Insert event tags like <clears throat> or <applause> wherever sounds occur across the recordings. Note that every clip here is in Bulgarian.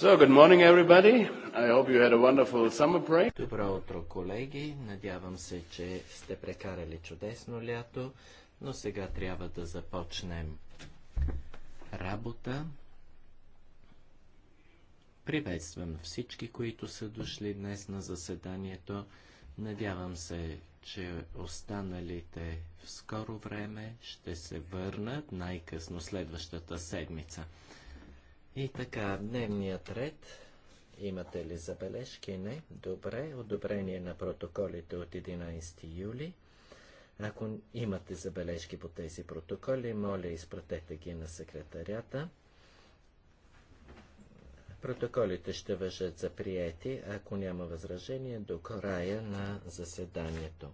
So, good morning everybody. I hope you had a wonderful summer break. Добро утро, колеги. Надявам се, че сте прекарали чудесно лято, но сега трябва да започнем работа. Приветствам всички, които са дошли днес на заседанието. Надявам се, че останалите в скоро време ще се върнат най-късно следващата седмица. И така, дневният ред. Имате ли забележки? Не. Добре. Одобрение на протоколите от 11 юли. Ако имате забележки по тези протоколи, моля, изпратете ги на секретарята. Протоколите ще въжат за приети, ако няма възражение, до края на заседанието.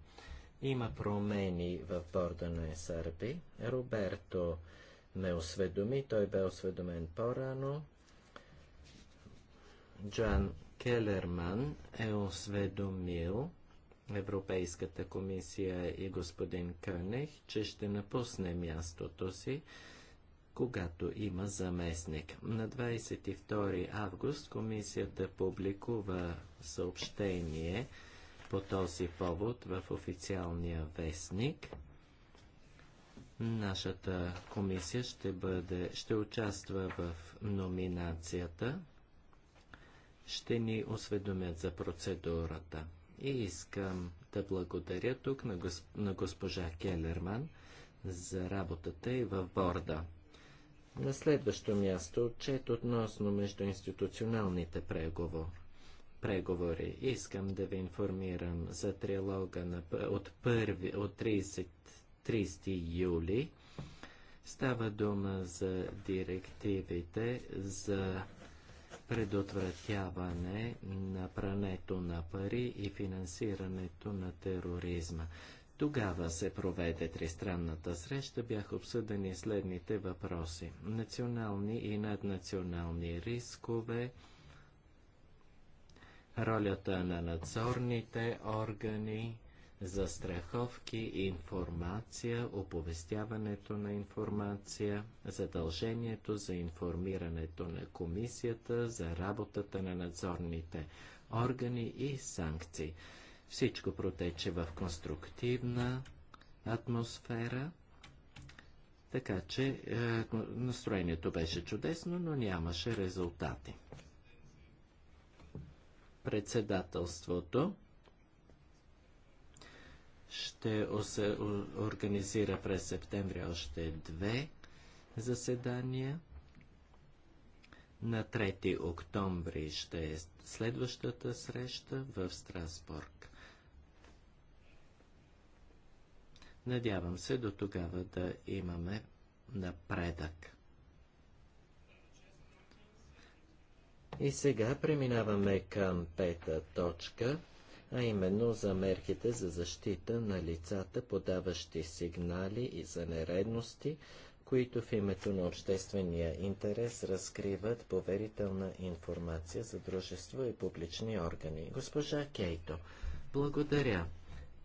Има промени в борда на СРБ. Роберто не осведоми. Той бе осведомен по-рано. Джоан Келерман е осведомил Европейската комисия и господин Кънех, че ще напусне мястото си, когато има заместник. На 22 август комисията публикува съобщение по този повод в официалния вестник – Нашата комисия ще, бъде, ще участва в номинацията. Ще ни осведомят за процедурата. И искам да благодаря тук на, госп... на госпожа Келерман за работата и в борда. На следващо място отчет относно междуинституционалните преговори. преговори. Искам да ви информирам за триалога на, от, първи, от 30 30 юли. Става дума за директивите за предотвратяване на прането на пари и финансирането на тероризма. Тогава се проведе тристранната среща, бяха обсъдени следните въпроси. Национални и наднационални рискове, ролята на надзорните органи, за страховки, информация, оповестяването на информация, задължението за информирането на комисията, за работата на надзорните органи и санкции. Всичко протече в конструктивна атмосфера, така че е, настроението беше чудесно, но нямаше резултати. Председателството ще организира през септември още две заседания. На 3 октомври ще е следващата среща в Страсбург. Надявам се до тогава да имаме напредък. И сега преминаваме към пета точка а именно за мерките за защита на лицата, подаващи сигнали и за нередности, които в името на обществения интерес разкриват поверителна информация за дружество и публични органи. Госпожа Кейто, благодаря.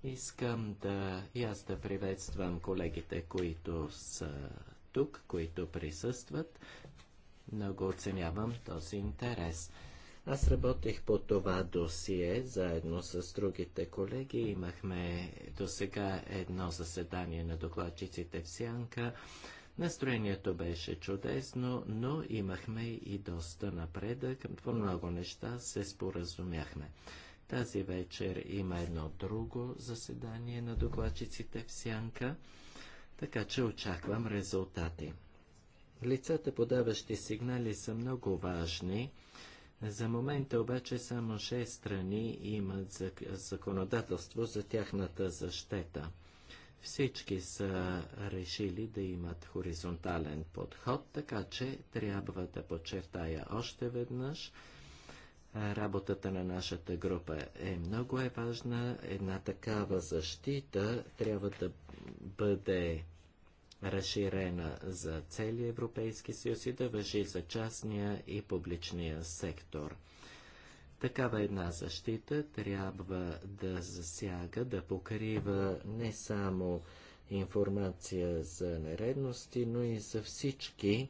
Искам да и аз да приветствам колегите, които са тук, които присъстват. Много оценявам този интерес. Аз работех по това досие заедно с другите колеги. Имахме до сега едно заседание на докладчиците в Сянка. Настроението беше чудесно, но имахме и доста напредък. По много неща се споразумяхме. Тази вечер има едно друго заседание на докладчиците в Сянка, така че очаквам резултати. Лицата, подаващи сигнали, са много важни за момента обаче само 6 страни имат законодателство за тяхната защита. Всички са решили да имат хоризонтален подход, така че трябва да подчертая още веднъж. Работата на нашата група е много е важна. Една такава защита трябва да бъде разширена за цели Европейски съюз и да въжи за частния и публичния сектор. Такава една защита трябва да засяга, да покрива не само информация за нередности, но и за всички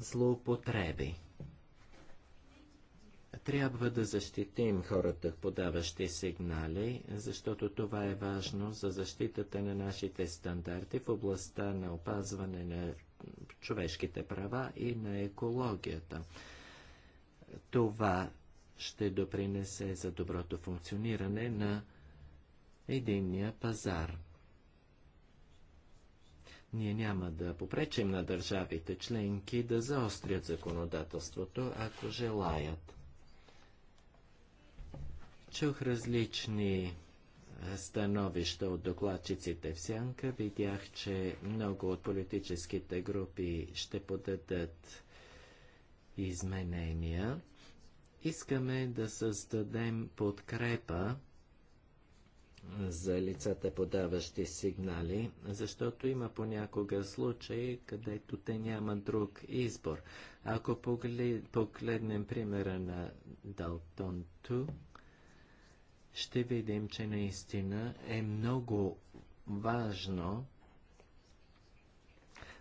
злоупотреби. Трябва да защитим хората, подаващи сигнали, защото това е важно за защитата на нашите стандарти в областта на опазване на човешките права и на екологията. Това ще допринесе за доброто функциониране на единния пазар. Ние няма да попречим на държавите членки да заострят законодателството, ако желаят. Чух различни е, становища от докладчиците в Сянка. Видях, че много от политическите групи ще подадат изменения. Искаме да създадем подкрепа за лицата подаващи сигнали, защото има понякога случаи, където те нямат друг избор. Ако погледнем примера на Далтон Ту, ще видим, че наистина е много важно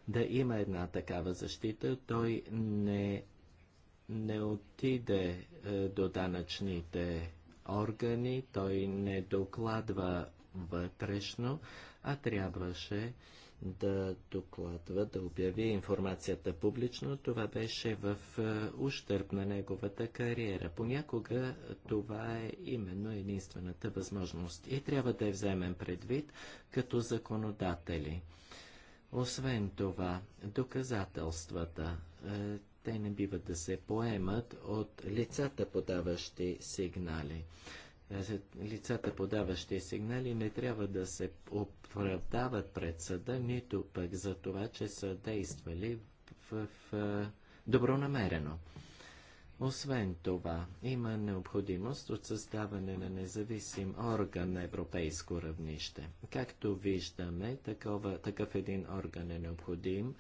да има една такава защита. Той не, не отиде е, до данъчните органи, той не докладва вътрешно, а трябваше да докладва, да обяви информацията публично, това беше в е, ущърп на неговата кариера. Понякога това е именно единствената възможност и трябва да я вземем предвид като законодатели. Освен това, доказателствата, е, те не биват да се поемат от лицата, подаващи сигнали лицата подаващи сигнали не трябва да се оправдават пред съда, нито пък за това, че са действали в, в добронамерено. Освен това, има необходимост от създаване на независим орган на европейско равнище. Както виждаме, такова, такъв един орган е необходим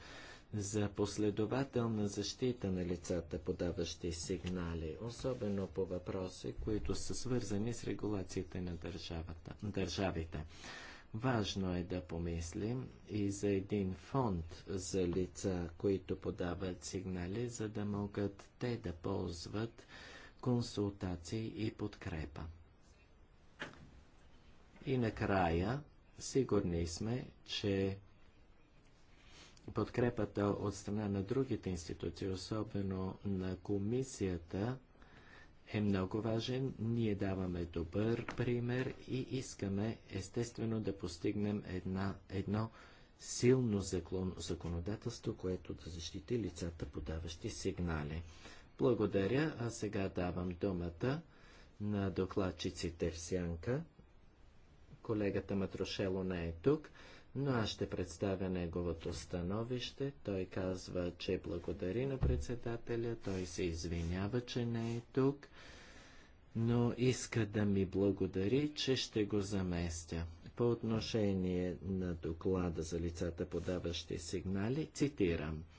за последователна защита на лицата, подаващи сигнали, особено по въпроси, които са свързани с регулациите на държавите. Важно е да помислим и за един фонд за лица, които подават сигнали, за да могат те да ползват консултации и подкрепа. И накрая, сигурни сме, че подкрепата от страна на другите институции, особено на комисията, е много важен. Ние даваме добър пример и искаме естествено да постигнем една, едно силно закон, законодателство, което да защити лицата, подаващи сигнали. Благодаря, а сега давам думата на докладчиците в Сянка. Колегата Матрошело не е тук но аз ще представя неговото становище. Той казва, че благодари на председателя, той се извинява, че не е тук, но иска да ми благодари, че ще го заместя. По отношение на доклада за лицата, подаващи сигнали, цитирам –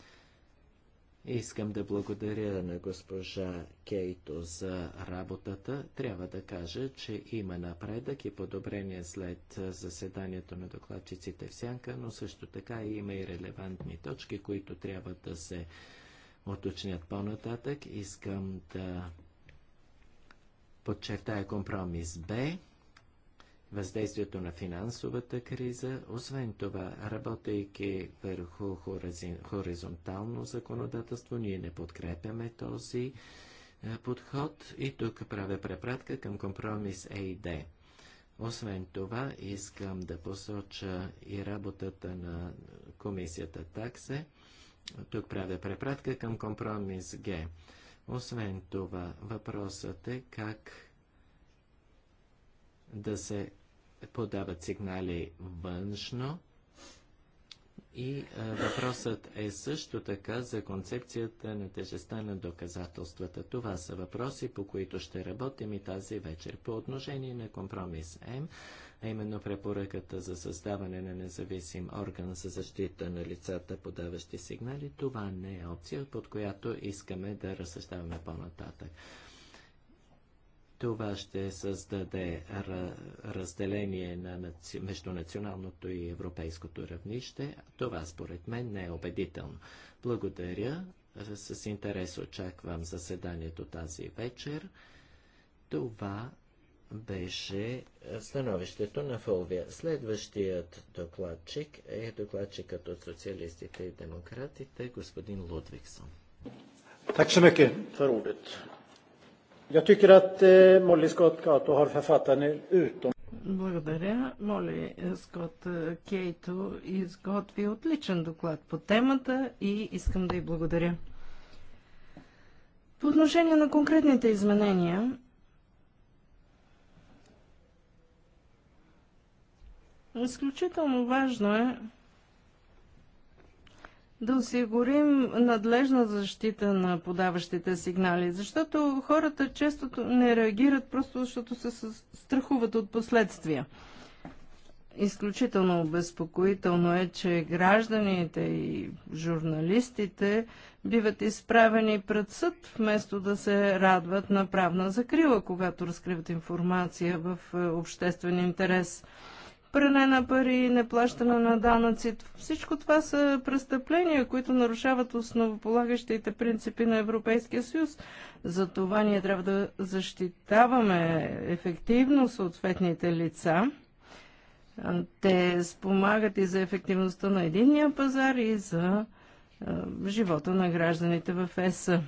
Искам да благодаря на госпожа Кейто за работата. Трябва да кажа, че има напредък и подобрение след заседанието на докладчиците в Сянка, но също така има и релевантни точки, които трябва да се уточнят по-нататък. Искам да подчертая компромис Б въздействието на финансовата криза. Освен това, работейки върху хоризонтално законодателство, ние не подкрепяме този е, подход и тук правя препратка към компромис Е и Д. Освен това, искам да посоча и работата на комисията таксе. Тук правя препратка към компромис Г. Освен това, въпросът е как да се подават сигнали външно. И а, въпросът е също така за концепцията на тежестта на доказателствата. Това са въпроси, по които ще работим и тази вечер. По отношение на компромис М, а именно препоръката за създаване на независим орган за защита на лицата, подаващи сигнали, това не е опция, под която искаме да разсъждаваме по-нататък. Това ще създаде разделение на, между националното и европейското равнище. Това според мен не е убедително. Благодаря. С интерес очаквам заседанието тази вечер. Това беше становището на Фолвия. Следващият докладчик е докладчикът от социалистите и демократите, господин Лудвиксон. Tack så mycket Jag tycker att eh, Molly Scott Cato har författat en utom... Благодаря. Моли Скот е, Кейто изготви отличен доклад по темата и искам да й благодаря. По отношение на конкретните изменения, изключително важно е да осигурим надлежна защита на подаващите сигнали, защото хората често не реагират просто защото се страхуват от последствия. Изключително обезпокоително е, че гражданите и журналистите биват изправени пред съд, вместо да се радват на правна закрила, когато разкриват информация в е, обществен интерес пране на пари, неплащане на данъци. Всичко това са престъпления, които нарушават основополагащите принципи на Европейския съюз. Затова ние трябва да защитаваме ефективно съответните лица. Те спомагат и за ефективността на единния пазар и за живота на гражданите в ЕСА.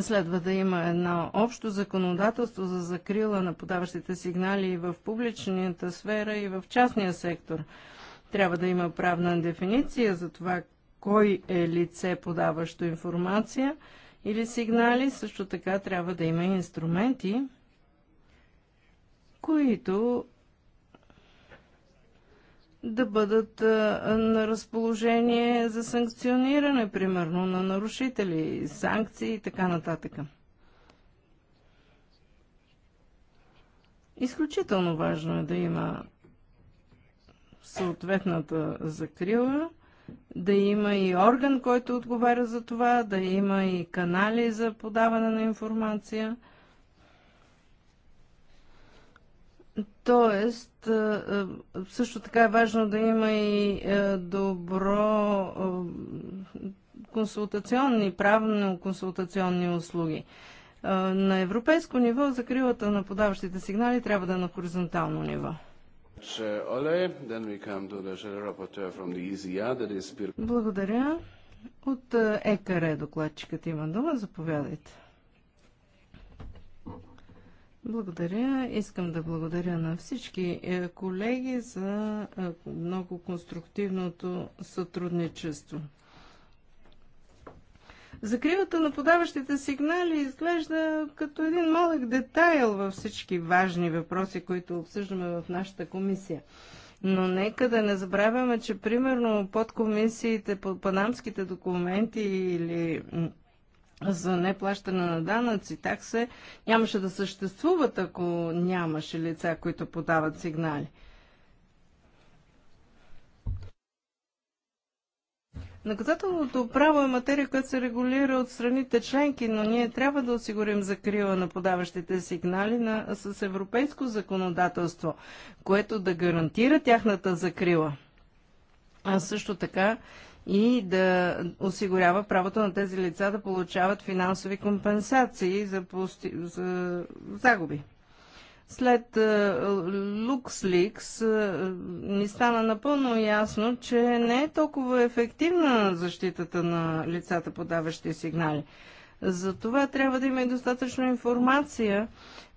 Следва да има едно общо законодателство за закрила на подаващите сигнали и в публичната сфера, и в частния сектор. Трябва да има правна дефиниция за това кой е лице подаващо информация или сигнали. Също така трябва да има инструменти, които да бъдат на разположение за санкциониране, примерно, на нарушители, санкции и така нататък. Изключително важно е да има съответната закрила, да има и орган, който отговаря за това, да има и канали за подаване на информация – Тоест, също така е важно да има и добро консултационни, правно-консултационни услуги. На европейско ниво закрилата на подаващите сигнали трябва да е на хоризонтално ниво. E Благодаря. От ЕКР докладчикът има дума. Заповядайте. Благодаря. Искам да благодаря на всички е, колеги за е, много конструктивното сътрудничество. Закривата на подаващите сигнали изглежда като един малък детайл във всички важни въпроси, които обсъждаме в нашата комисия. Но нека да не забравяме, че примерно под комисиите, под панамските документи или за неплащане на данъци, такса нямаше да съществуват, ако нямаше лица, които подават сигнали. Наказателното право е материя, която се регулира от страните членки, но ние трябва да осигурим закрила на подаващите сигнали на, с европейско законодателство, което да гарантира тяхната закрила. А също така и да осигурява правото на тези лица да получават финансови компенсации за, пости... за загуби. След е, LuxLeaks е, ни стана напълно ясно, че не е толкова ефективна защитата на лицата, подаващи сигнали. За това трябва да има и достатъчно информация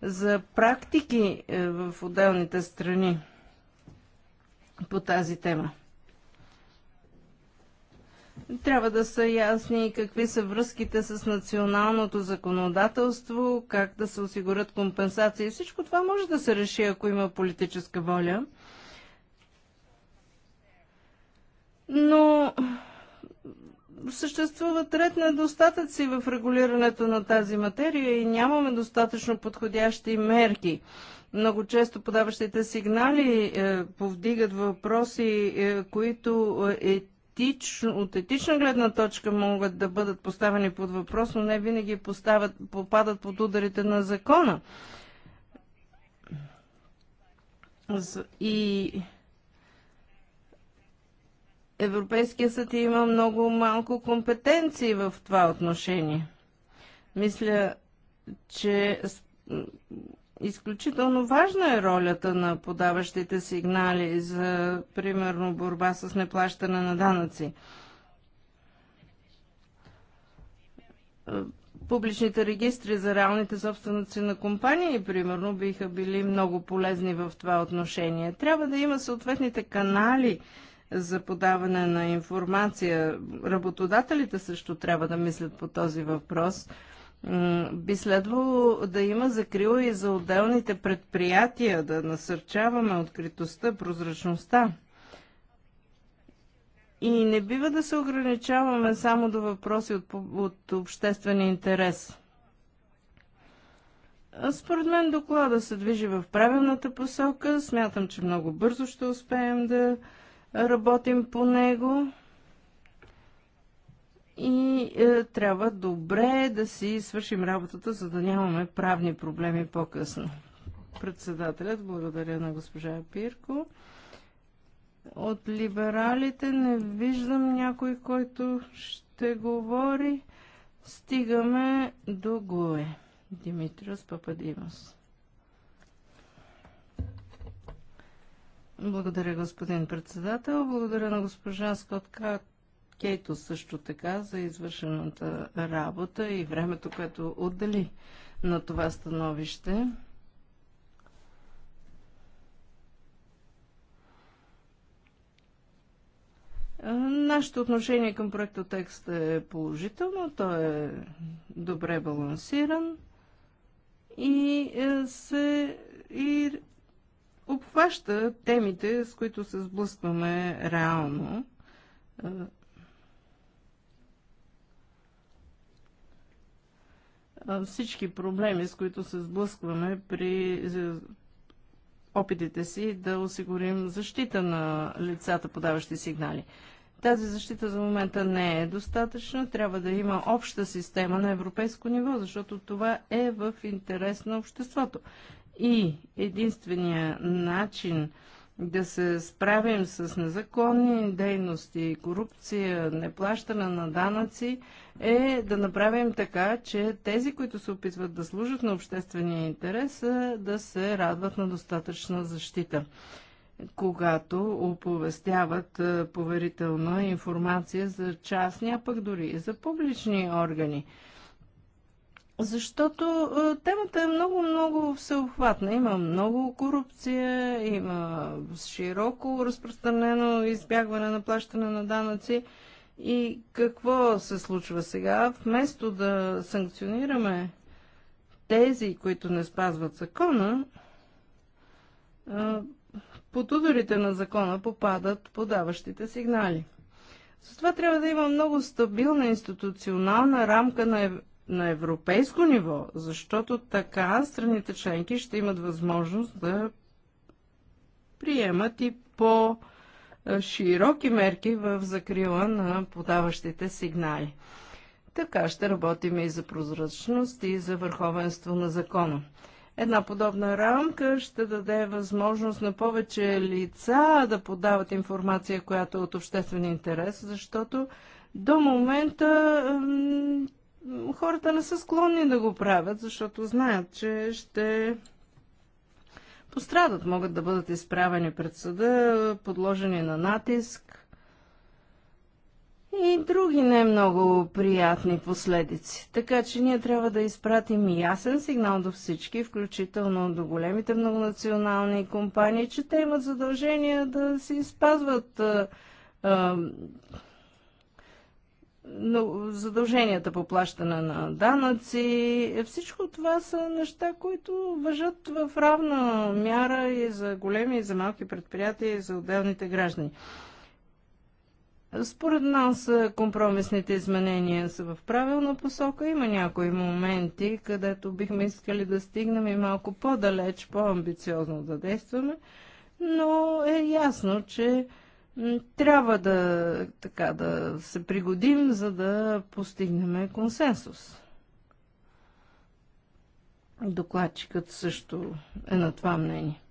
за практики е, в отделните страни по тази тема. Трябва да са ясни какви са връзките с националното законодателство, как да се осигурят компенсации. Всичко това може да се реши, ако има политическа воля. Но съществуват ред недостатъци в регулирането на тази материя и нямаме достатъчно подходящи мерки. Много често подаващите сигнали е, повдигат въпроси, е, които е, етично, от етична гледна точка могат да бъдат поставени под въпрос, но не винаги поставят, попадат под ударите на закона. И Европейския съд има много малко компетенции в това отношение. Мисля, че Изключително важна е ролята на подаващите сигнали за, примерно, борба с неплащане на данъци. Публичните регистри за реалните собственици на компании, примерно, биха били много полезни в това отношение. Трябва да има съответните канали за подаване на информация. Работодателите също трябва да мислят по този въпрос – би следвало да има закрила и за отделните предприятия, да насърчаваме откритостта, прозрачността. И не бива да се ограничаваме само до въпроси от, от обществен интерес. Според мен доклада се движи в правилната посока. Смятам, че много бързо ще успеем да работим по него и е, трябва добре да си свършим работата, за да нямаме правни проблеми по-късно. Председателят, благодаря на госпожа Пирко. От либералите не виждам някой, който ще говори. Стигаме до Гуе. Димитриос Пападимос. Благодаря, господин председател. Благодаря на госпожа Скотка Кейто също така за извършената работа и времето, което отдели на това становище. Нашето отношение към проекта текст е положително, той е добре балансиран и е, се и обхваща темите, с които се сблъскваме реално всички проблеми, с които се сблъскваме при е, опитите си да осигурим защита на лицата, подаващи сигнали. Тази защита за момента не е достатъчна. Трябва да има обща система на европейско ниво, защото това е в интерес на обществото. И единствения начин да се справим с незаконни дейности, корупция, неплащане на данъци – е да направим така, че тези, които се опитват да служат на обществения интерес, е, да се радват на достатъчна защита когато оповестяват е, поверителна информация за частни, а пък дори и за публични органи. Защото е, темата е много-много всеобхватна. Има много корупция, има широко разпространено избягване на плащане на данъци. И какво се случва сега? Вместо да санкционираме тези, които не спазват закона, под ударите на закона попадат подаващите сигнали. Затова трябва да има много стабилна институционална рамка на, ев... на европейско ниво, защото така страните членки ще имат възможност да приемат и по- е, широки мерки в закрила на подаващите сигнали. Така ще работим и за прозрачност и за върховенство на закона. Една подобна рамка ще даде възможност на повече лица да подават информация, която е от обществен интерес, защото до момента хората не са склонни да го правят, защото знаят, че ще пострадат, могат да бъдат изправени пред съда, подложени на натиск и други не много приятни последици. Така че ние трябва да изпратим ясен сигнал до всички, включително до големите многонационални компании, че те имат задължение да се изпазват но задълженията по плащане на данъци, всичко това са неща, които въжат в равна мяра и за големи, и за малки предприятия, и за отделните граждани. Според нас е, компромисните изменения са в правилна посока. Има някои моменти, където бихме искали да стигнем и малко по-далеч, по-амбициозно да действаме, но е ясно, че трябва да, така, да се пригодим, за да постигнем консенсус. Докладчикът също е на това мнение.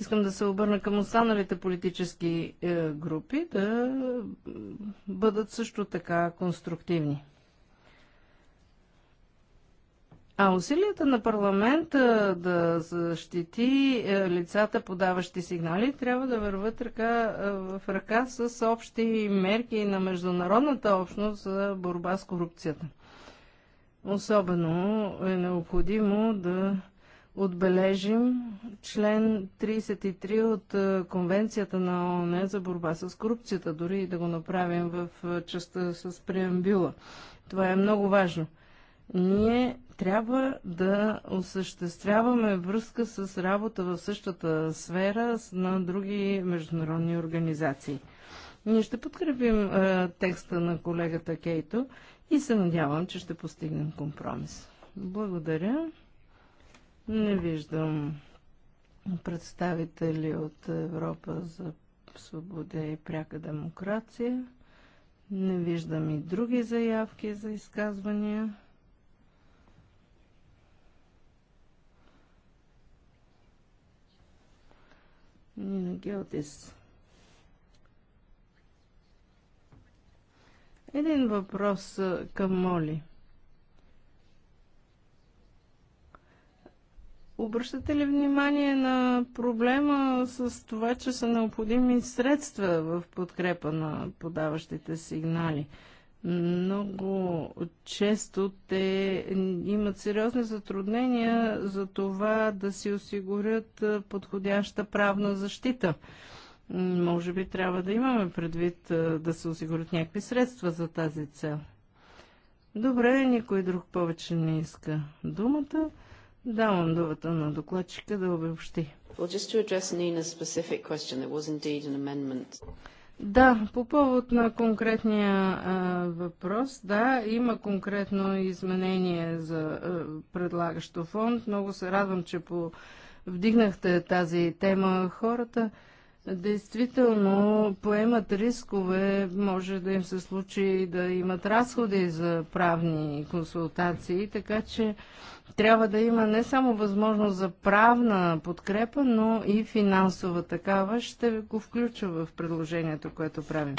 Искам да се обърна към останалите политически е, групи да бъдат също така конструктивни. А усилията на парламента да защити е, лицата, подаващи сигнали, трябва да върват ръка е, в ръка с общи мерки на международната общност за борба с корупцията. Особено е необходимо да отбележим член 33 от е, Конвенцията на ООН за борба с корупцията, дори и да го направим в частта с преамбюла. Това е много важно – ние трябва да осъществяваме връзка с работа в същата сфера на други международни организации. Ние ще подкрепим е, текста на колегата Кейто и се надявам, че ще постигнем компромис. Благодаря. Не виждам представители от Европа за свобода и пряка демокрация. Не виждам и други заявки за изказвания. Нина this. Един въпрос към Моли. Обръщате ли внимание на проблема с това, че са необходими средства в подкрепа на подаващите сигнали? Много често те имат сериозни затруднения за това да си осигурят подходяща правна защита. Може би трябва да имаме предвид да се осигурят някакви средства за тази цел. Добре, никой друг повече не иска думата. Давам думата на докладчика да обобщи. Well, да, по повод на конкретния а, въпрос, да, има конкретно изменение за а, предлагащо фонд. Много се радвам, че по... вдигнахте тази тема. Хората действително поемат рискове, може да им се случи да имат разходи за правни консултации, така че трябва да има не само възможност за правна подкрепа, но и финансова такава. Ще го включа в предложението, което правим.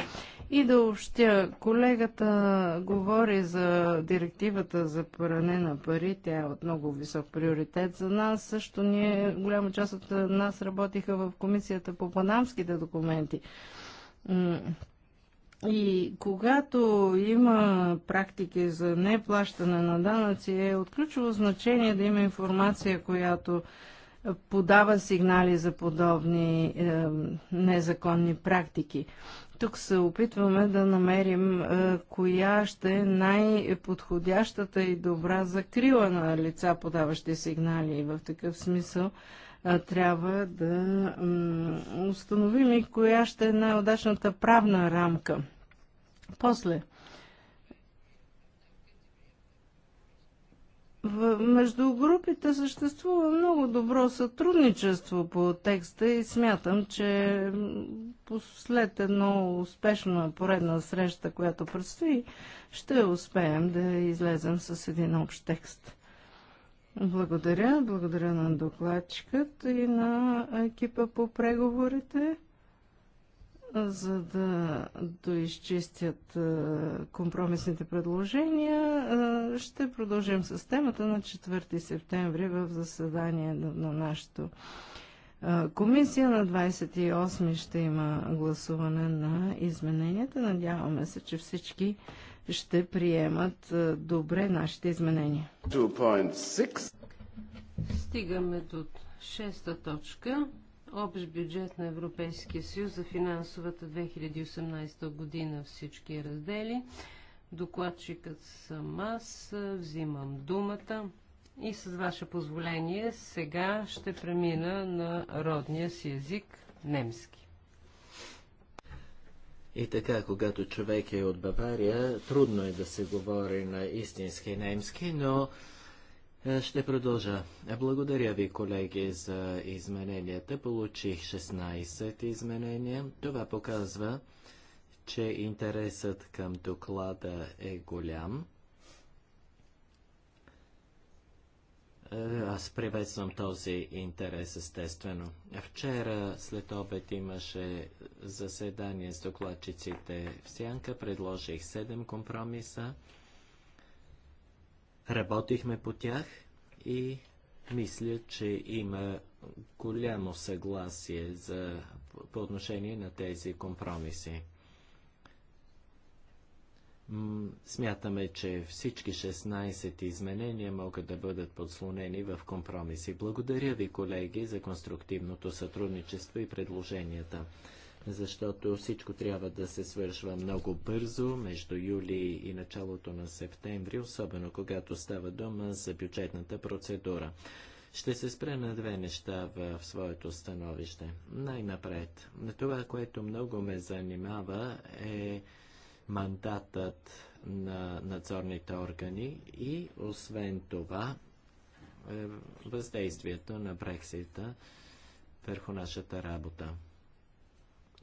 И да общя, колегата говори за директивата за пране на пари, тя е от много висок приоритет за нас. Също ние, голяма част от нас работиха в комисията по панамските документи. И когато има практики за неплащане на данъци, е от ключово значение да има информация, която подава сигнали за подобни е, незаконни практики. Тук се опитваме да намерим е, коя ще е най-подходящата и добра закрила на лица, подаващи сигнали. И в такъв смисъл трябва да установим и коя ще е най-удачната правна рамка. После. В, между групите съществува много добро сътрудничество по текста и смятам, че след едно успешна поредна среща, която предстои, ще успеем да излезем с един общ текст. Благодаря. Благодаря на докладчикът и на екипа по преговорите, за да доизчистят компромисните предложения. Ще продължим с темата на 4 септември в заседание на нашото комисия. На 28 ще има гласуване на измененията. Надяваме се, че всички ще приемат е, добре нашите изменения. Стигаме до шеста точка. Общ бюджет на Европейския съюз за финансовата 2018 година всички раздели. Докладчикът съм аз, взимам думата и с ваше позволение сега ще премина на родния си език немски. И така, когато човек е от Бавария, трудно е да се говори на истински немски, но е, ще продължа. Е, благодаря ви, колеги, за измененията. Получих 16 изменения. Това показва, че интересът към доклада е голям. Е, аз приветствам този интерес, естествено. Вчера след обед имаше заседание с докладчиците в Сянка. Предложих седем компромиса. Работихме по тях и мисля, че има голямо съгласие за, по отношение на тези компромиси. Смятаме, че всички 16 изменения могат да бъдат подслонени в компромиси. Благодаря ви, колеги, за конструктивното сътрудничество и предложенията, защото всичко трябва да се свършва много бързо, между юли и началото на септември, особено когато става дума за бюджетната процедура. Ще се спре на две неща в своето становище. Най-напред. Това, което много ме занимава е мандатът на надзорните органи и освен това е, въздействието на Брексита върху нашата работа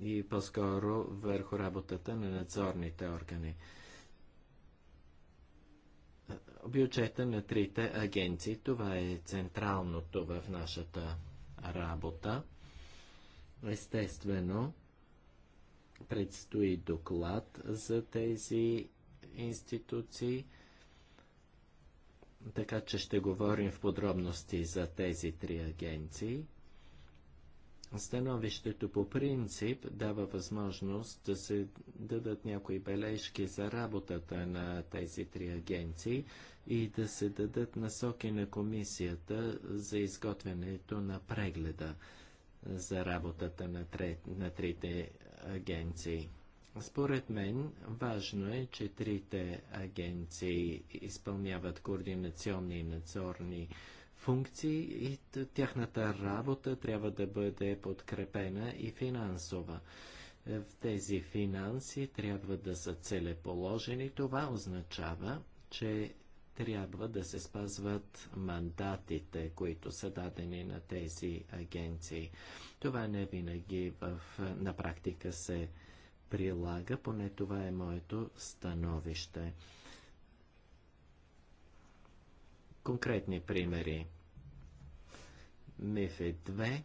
и по-скоро върху работата на надзорните органи. Бюджета на трите агенции, това е централното в нашата работа. Естествено, Предстои доклад за тези институции, така че ще говорим в подробности за тези три агенции. Становището по принцип дава възможност да се дадат някои бележки за работата на тези три агенции и да се дадат насоки на комисията за изготвянето на прегледа за работата на, трет, на трите агенции. Според мен важно е, че трите агенции изпълняват координационни и надзорни функции и тяхната работа трябва да бъде подкрепена и финансова. Е, в тези финанси трябва да са целеположени. Това означава, че трябва да се спазват мандатите, които са дадени на тези агенции. Това не винаги в, на практика се прилага, поне това е моето становище. Конкретни примери. МИФИ 2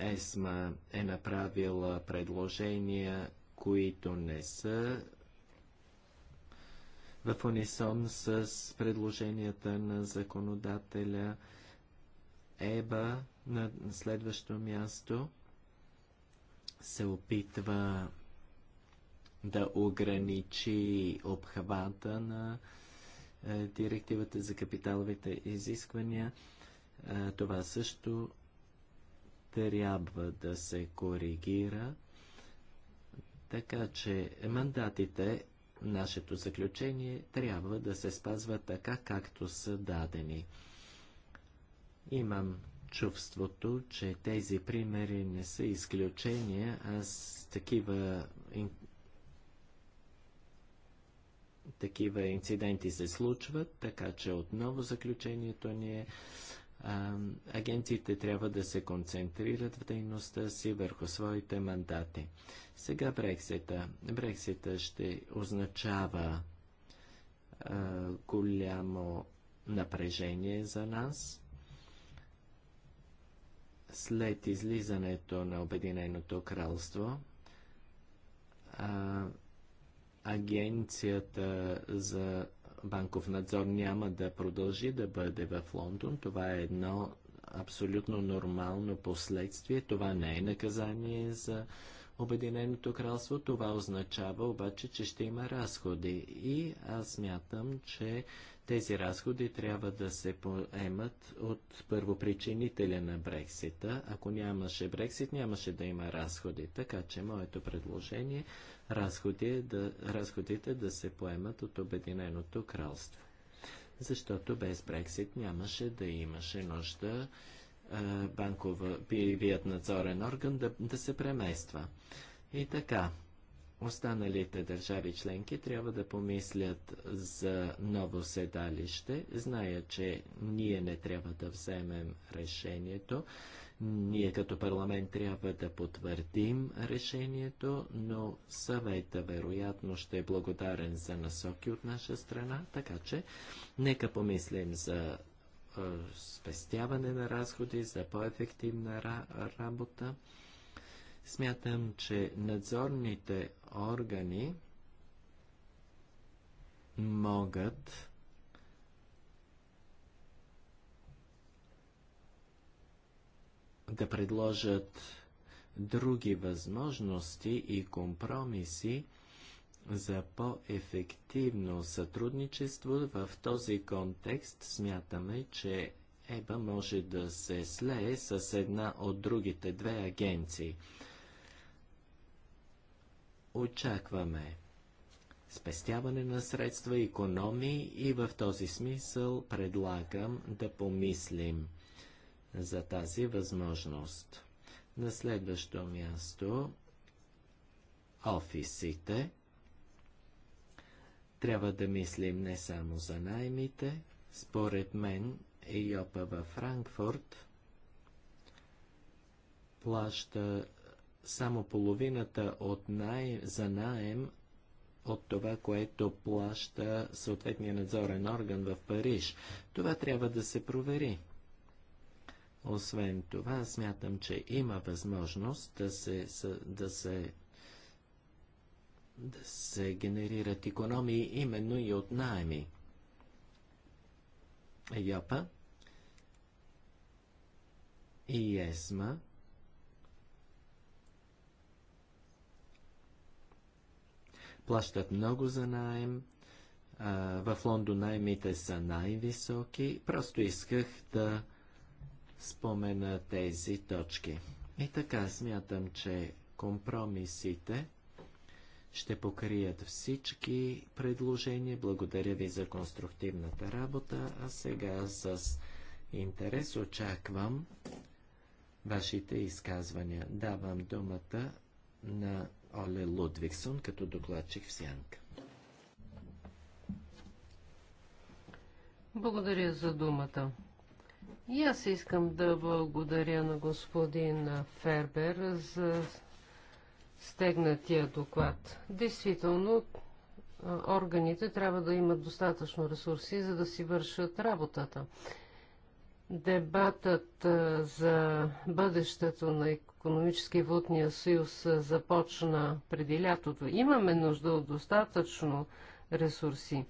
ЕСМА е направила предложения които не са в унисон с предложенията на законодателя ЕБА на следващо място се опитва да ограничи обхвата на е, директивата за капиталовите изисквания. Е, това също трябва да се коригира. Така че мандатите, нашето заключение, трябва да се спазват така, както са дадени. Имам чувството, че тези примери не са изключения, а с такива, ин... такива инциденти се случват, така че отново заключението ни е агенциите трябва да се концентрират в дейността си върху своите мандати. Сега Брексита. Брексита ще означава а, голямо напрежение за нас. След излизането на Обединеното кралство, а, агенцията за банков надзор няма да продължи да бъде в Лондон. Това е едно абсолютно нормално последствие. Това не е наказание за Обединеното кралство. Това означава обаче, че ще има разходи. И аз мятам, че тези разходи трябва да се поемат от първопричинителя на Брексита. Ако нямаше Брексит, нямаше да има разходи. Така че моето предложение е да, разходите да се поемат от Обединеното кралство. Защото без Брексит нямаше да имаше нужда банкова, бият надзорен орган да, да се премества. И така, останалите държави членки трябва да помислят за ново седалище. Зная, че ние не трябва да вземем решението, ние като парламент трябва да потвърдим решението, но съвета вероятно ще е благодарен за насоки от наша страна, така че нека помислим за е, спестяване на разходи, за по-ефективна ра работа. Смятам, че надзорните органи могат да предложат други възможности и компромиси за по-ефективно сътрудничество. В този контекст смятаме, че ЕБА може да се слее с една от другите две агенции. Очакваме спестяване на средства, економии и в този смисъл предлагам да помислим за тази възможност. На следващо място офисите. Трябва да мислим не само за наймите. Според мен ИОПА във Франкфурт плаща само половината от най... за найем от това, което плаща съответния надзорен орган в Париж. Това трябва да се провери. Освен това, смятам, че има възможност да се, да се, да се генерират економии именно и от найми. Йопа и Есма плащат много за найем. В Лондон наймите са най-високи. Просто исках да спомена тези точки. И така смятам, че компромисите ще покрият всички предложения. Благодаря ви за конструктивната работа, а сега с интерес очаквам вашите изказвания. Давам думата на Оле Лудвиксон като докладчик в Сянка. Благодаря за думата. И аз искам да благодаря на господин Фербер за стегнатия доклад. Действително, органите трябва да имат достатъчно ресурси, за да си вършат работата. Дебатът за бъдещето на економически водния съюз започна преди лятото. Имаме нужда от достатъчно ресурси.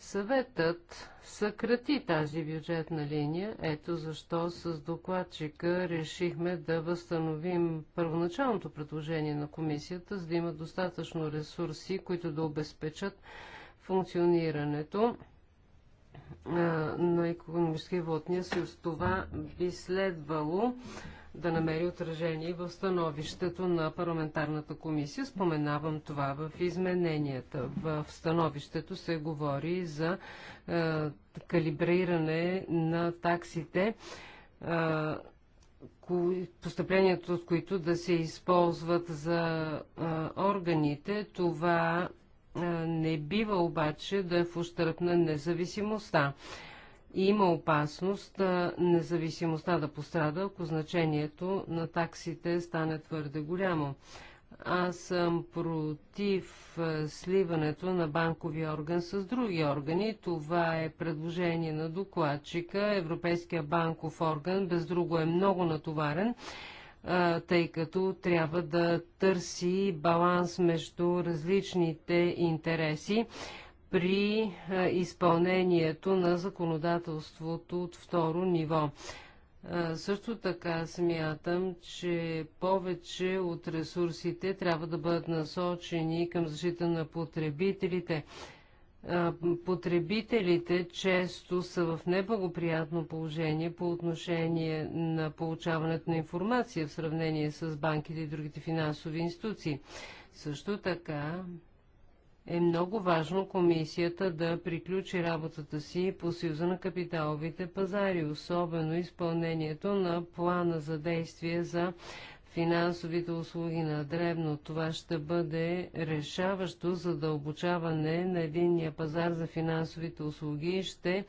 Съветът съкрати тази бюджетна линия. Ето защо с докладчика решихме да възстановим първоначалното предложение на комисията, за да има достатъчно ресурси, които да обезпечат функционирането на економически вълтния съюз. Това би следвало да намери отражение в становището на парламентарната комисия. Споменавам това в измененията. В становището се говори за е, калибриране на таксите, е, кои, постъплението от които да се използват за е, органите. Това е, не бива обаче да е в ущърп на независимостта. И има опасност независимостта да пострада, ако значението на таксите стане твърде голямо. Аз съм против сливането на банкови орган с други органи. Това е предложение на докладчика. Европейския банков орган без друго е много натоварен, тъй като трябва да търси баланс между различните интереси при е, изпълнението на законодателството от второ ниво. Е, също така смятам, че повече от ресурсите трябва да бъдат насочени към защита на потребителите. Е, потребителите често са в неблагоприятно положение по отношение на получаването на информация в сравнение с банките и другите финансови институции. Също така е много важно комисията да приключи работата си по Съюза на капиталовите пазари, особено изпълнението на плана за действие за финансовите услуги на древно. Това ще бъде решаващо за дълбочаване на единния пазар за финансовите услуги и ще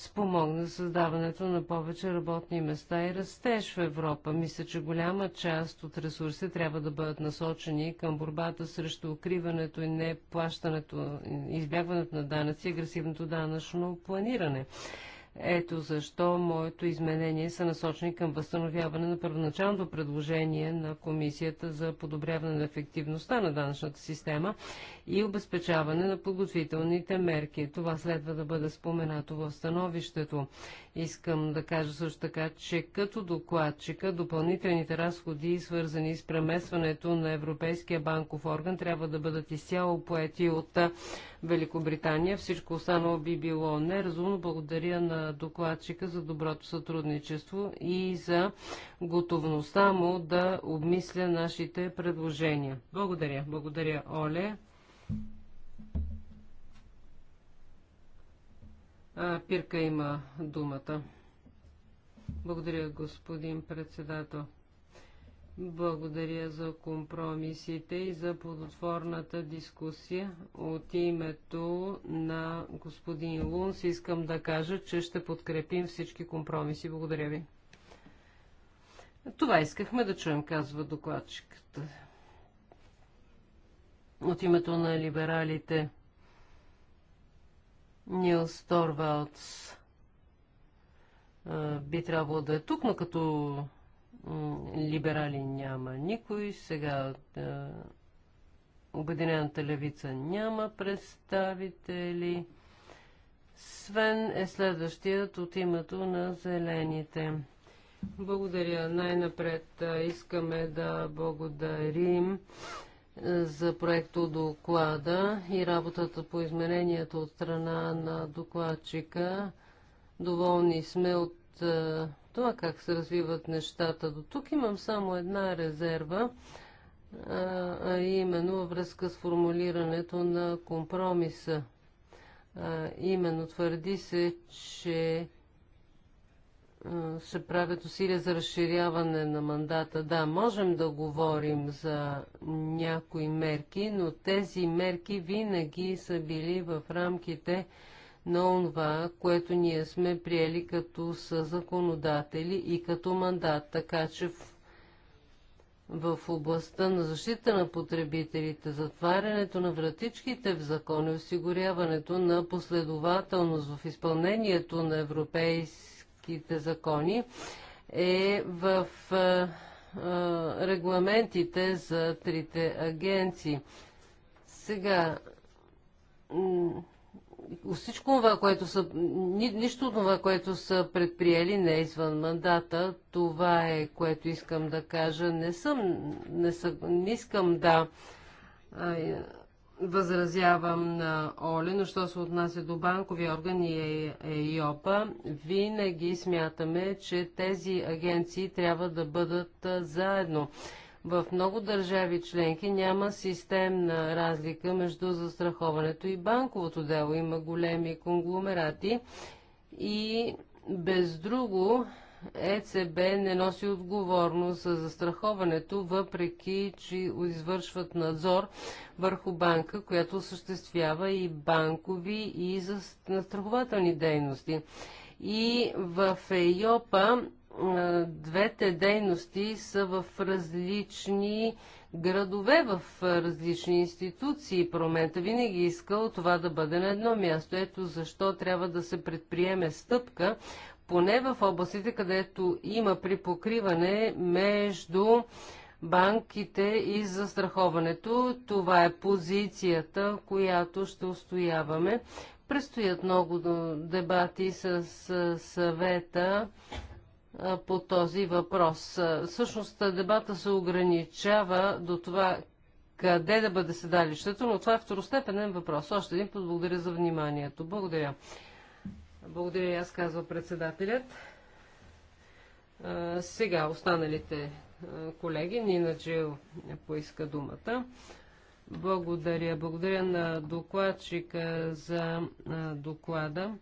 спомогне създаването на повече работни места и растеж в Европа. Мисля, че голяма част от ресурси трябва да бъдат насочени към борбата срещу укриването и неплащането, избягването на данъци и агресивното данъчно планиране. Ето защо моето изменение са насочени към възстановяване на първоначалното предложение на Комисията за подобряване на ефективността на данъчната система и обезпечаване на подготвителните мерки. Това следва да бъде споменато в становището. Искам да кажа също така, че като докладчика допълнителните разходи, свързани с преместването на Европейския банков орган, трябва да бъдат изцяло поети от Великобритания. Всичко останало би било неразумно. Благодаря на докладчика за доброто сътрудничество и за готовността му да обмисля нашите предложения. Благодаря. Благодаря, Оле. Пирка има думата. Благодаря, господин председател. Благодаря за компромисите и за плодотворната дискусия. От името на господин Лунс искам да кажа, че ще подкрепим всички компромиси. Благодаря ви. Това искахме да чуем, казва докладчиката. От името на либералите Нилс Торвалдс би трябвало да е тук, но като либерали няма никой, сега е, Обединената левица няма представители. Свен е следващият от името на зелените. Благодаря. Най-напред е, искаме да благодарим е, за проекто доклада и работата по измерението от страна на докладчика. Доволни сме от това как се развиват нещата. До тук имам само една резерва, а именно във връзка с формулирането на компромиса. А, именно твърди се, че се правят усилия за разширяване на мандата. Да, можем да говорим за някои мерки, но тези мерки винаги са били в рамките на онова, което ние сме приели като законодатели и като мандат. Така че в, в областта на защита на потребителите, затварянето на вратичките в закон и осигуряването на последователност в изпълнението на европейските закони е в а, е, а, е, регламентите за трите агенции. Сега, всичко това, което са, ни, нищо от това, което са предприели не е извън мандата. Това е, което искам да кажа. Не съм, не, съ, не искам да а, възразявам на Оле, но що се отнася до банкови органи и е, ЕИОПА, винаги смятаме, че тези агенции трябва да бъдат заедно. В много държави членки няма системна разлика между застраховането и банковото дело. Има големи конгломерати и без друго ЕЦБ не носи отговорност за застраховането, въпреки че извършват надзор върху банка, която осъществява и банкови и застрахователни дейности. И в ЕЙОПА е, двете дейности са в различни градове, в различни институции. Промента винаги е искал това да бъде на едно място. Ето защо трябва да се предприеме стъпка, поне в областите, където има припокриване между банките и застраховането. Това е позицията, която ще устояваме. Престоят много дебати с съвета по този въпрос. Всъщност дебата се ограничава до това къде да бъде седалището, но това е второстепенен въпрос. Още един път благодаря за вниманието. Благодаря. Благодаря и аз, казва председателят. Сега останалите колеги, Нина Джил поиска думата. Благодаря. Благодаря на докладчика за доклада.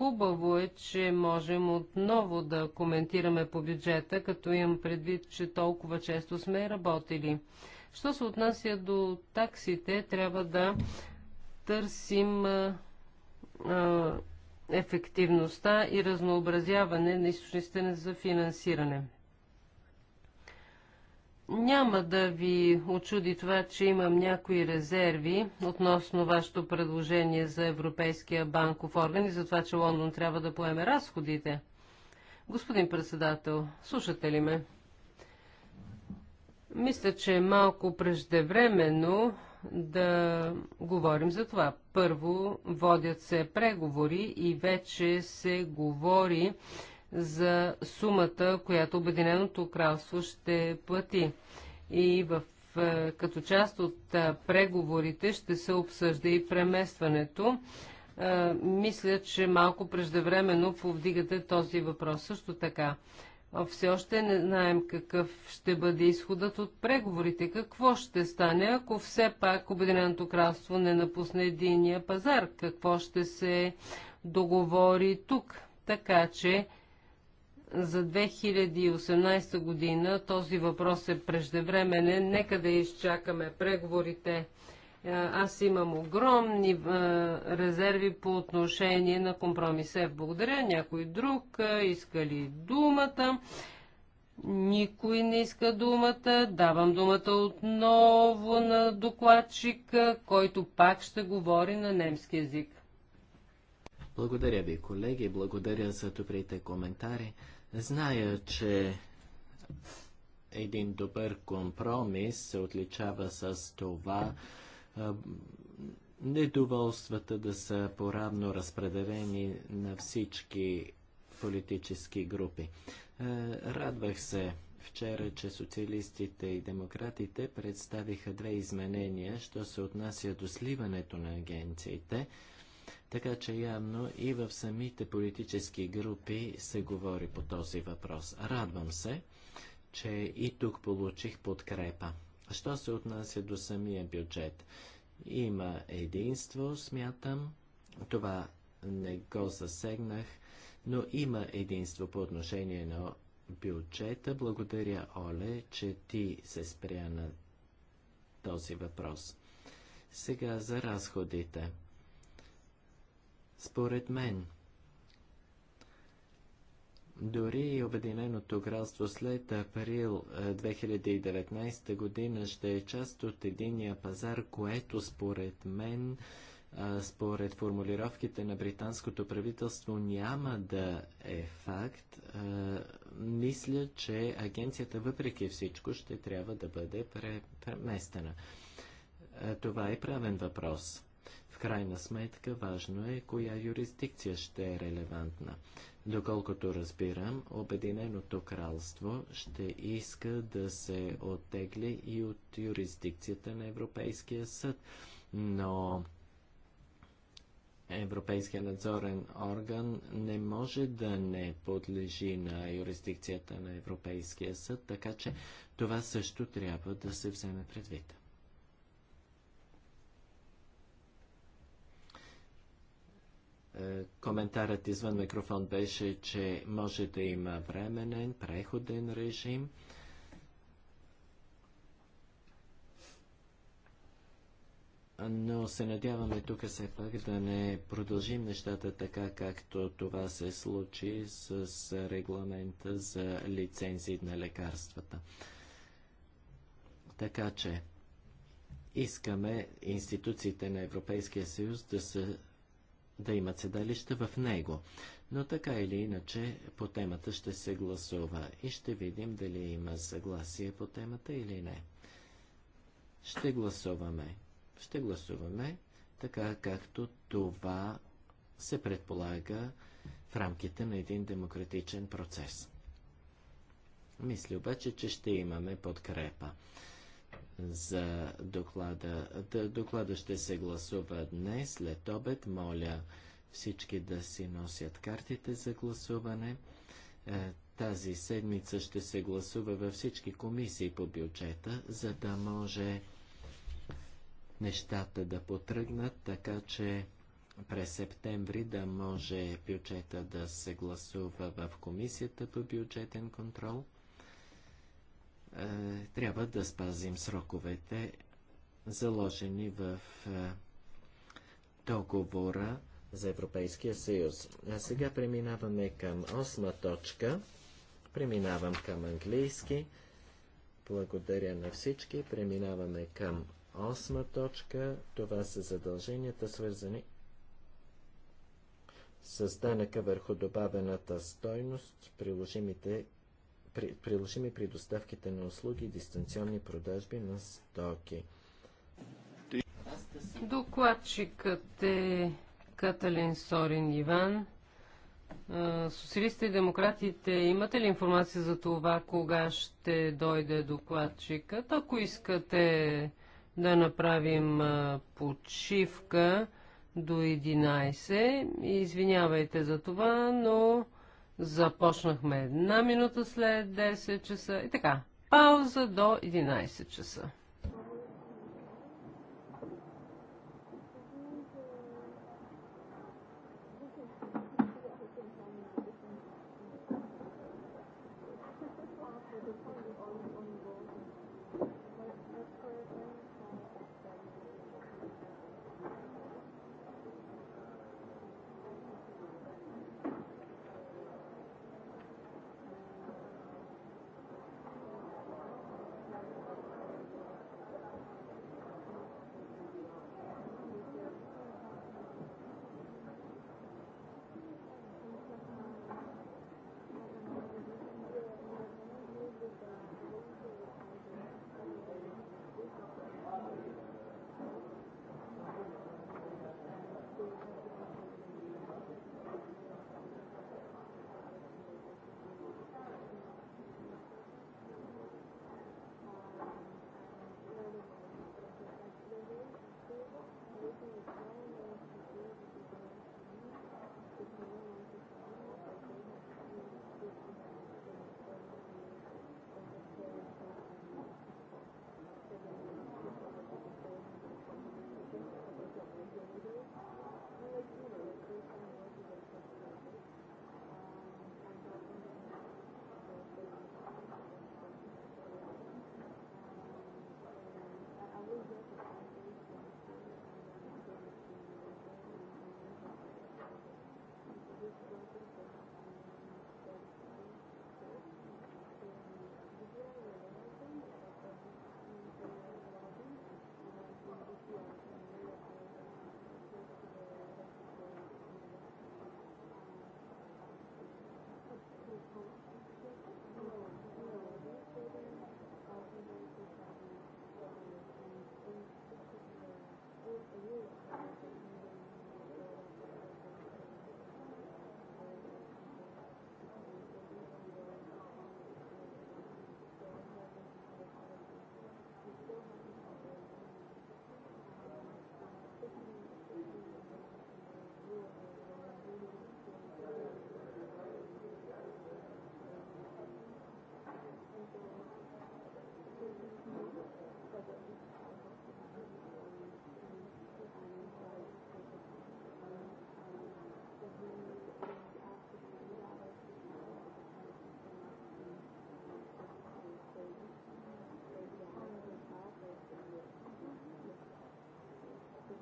Хубаво е, че можем отново да коментираме по бюджета, като имам предвид, че толкова често сме работили. Що се отнася до таксите, трябва да търсим а, а, ефективността и разнообразяване на източниците за финансиране. Няма да ви очуди това, че имам някои резерви относно вашето предложение за Европейския банков орган и за това, че Лондон трябва да поеме разходите. Господин председател, слушате ли ме? Мисля, че е малко преждевременно да говорим за това. Първо, водят се преговори и вече се говори за сумата, която Обединеното кралство ще плати. И в, е, като част от е, преговорите ще се обсъжда и преместването. Е, мисля, че малко преждевременно повдигате този въпрос също така. Все още не знаем какъв ще бъде изходът от преговорите. Какво ще стане, ако все пак Обединеното кралство не напусне единия пазар? Какво ще се договори тук? Така че за 2018 година този въпрос е преждевременен. Нека да изчакаме преговорите. Е, аз имам огромни е, резерви по отношение на компромисе. Благодаря. Някой друг е, иска ли думата? Никой не иска думата. Давам думата отново на докладчика, който пак ще говори на немски язик. Благодаря ви, колеги. Благодаря за добрите коментари. Зная, че един добър компромис се отличава с това недоволствата да са поравно разпределени на всички политически групи. радвах се вчера, че социалистите и демократите представиха две изменения, що се отнася до сливането на агенциите – така че явно и в самите политически групи се говори по този въпрос. Радвам се, че и тук получих подкрепа. Що се отнася до самия бюджет? Има единство, смятам. Това не го засегнах, но има единство по отношение на бюджета. Благодаря, Оле, че ти се спря на този въпрос. Сега за разходите. Според мен, дори и Обединеното кралство след април 2019 е, година ще е част от единия пазар, което според мен, е, според формулировките на британското правителство, няма да е факт. Е, мисля, че агенцията въпреки всичко ще трябва да бъде преместена. Това е правен въпрос крайна сметка важно е коя юрисдикция ще е релевантна. Доколкото разбирам, Обединеното кралство ще иска да се оттегли и от юрисдикцията на Европейския съд, но Европейския надзорен орган не може да не подлежи на юрисдикцията на Европейския съд, така че това също трябва да се вземе предвид. Е, коментарът извън микрофон беше, че може да има временен, преходен режим. но се надяваме тук все пак да не продължим нещата така, както това се случи с, регламента за лицензии на лекарствата. Така че искаме институциите на Европейския съюз да са да имат седалище в него. Но така или иначе по темата ще се гласува и ще видим дали има съгласие по темата или не. Ще гласуваме. Ще гласуваме така както това се предполага в рамките на един демократичен процес. Мисля обаче, че ще имаме подкрепа за доклада. Доклада ще се гласува днес, след обед. Моля всички да си носят картите за гласуване. Е, тази седмица ще се гласува във всички комисии по бюджета, за да може нещата да потръгнат, така че през септември да може бюджета да се гласува в комисията по бюджетен контрол. Е, трябва да спазим сроковете, заложени в е, договора за Европейския съюз. А сега преминаваме към осма точка. Преминавам към английски. Благодаря на всички. Преминаваме към осма точка. Това са задълженията, свързани с данъка върху добавената стойност, приложимите при, приложими при доставките на услуги и дистанционни продажби на стоки. Докладчикът е Каталин Сорин Иван. Социалистите и демократите, имате ли информация за това, кога ще дойде докладчикът? Ако искате да направим почивка до 11, извинявайте за това, но Започнахме една минута след 10 часа и така. Пауза до 11 часа.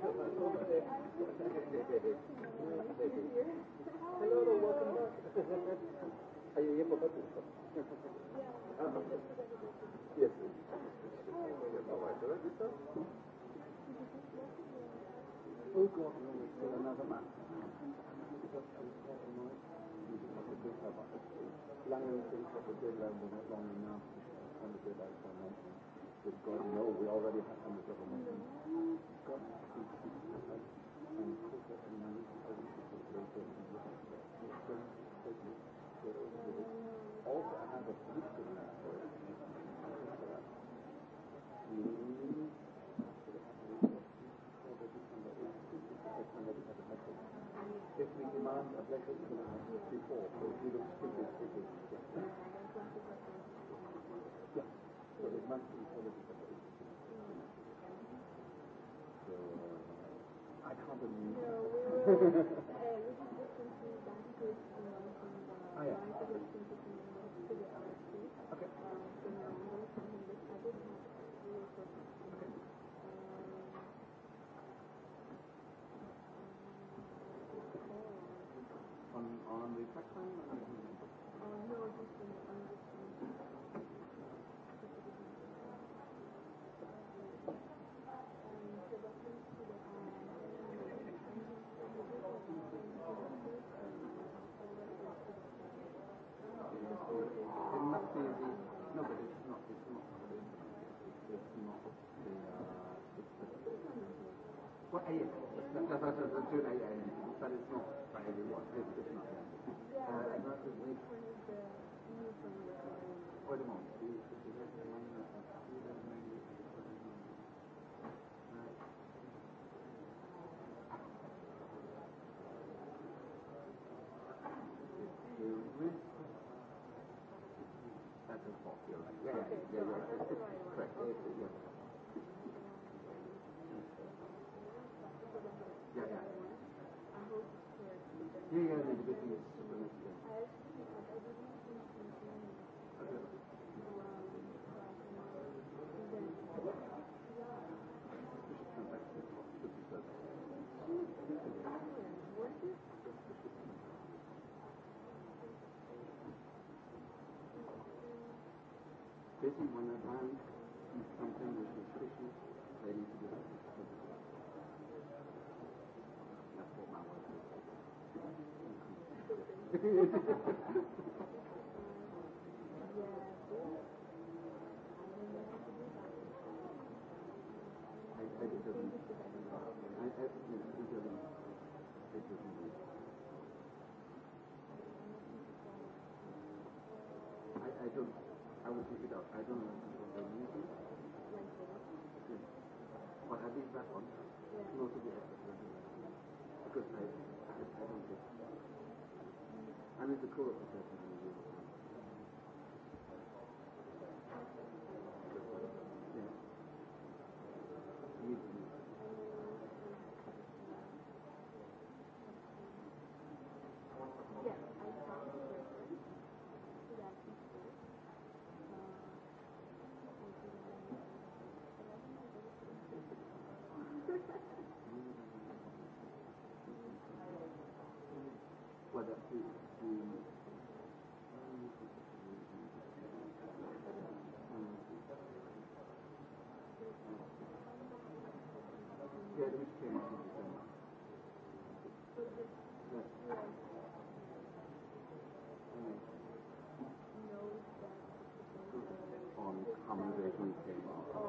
Hello, welcome back. Are you here for breakfast? Yes. Oh God, no, it's still another man. Langen thinks of a deadline was not long enough on the deadline for a month. But God, no, we already have some of the Also, I have a on the tax line? Or just on the It must be no, but it's not. It's not. It's not the. Uh, Yeah. Uh, and that's which one is the new from the... Wait a moment. I, I, хората.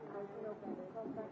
I feel better.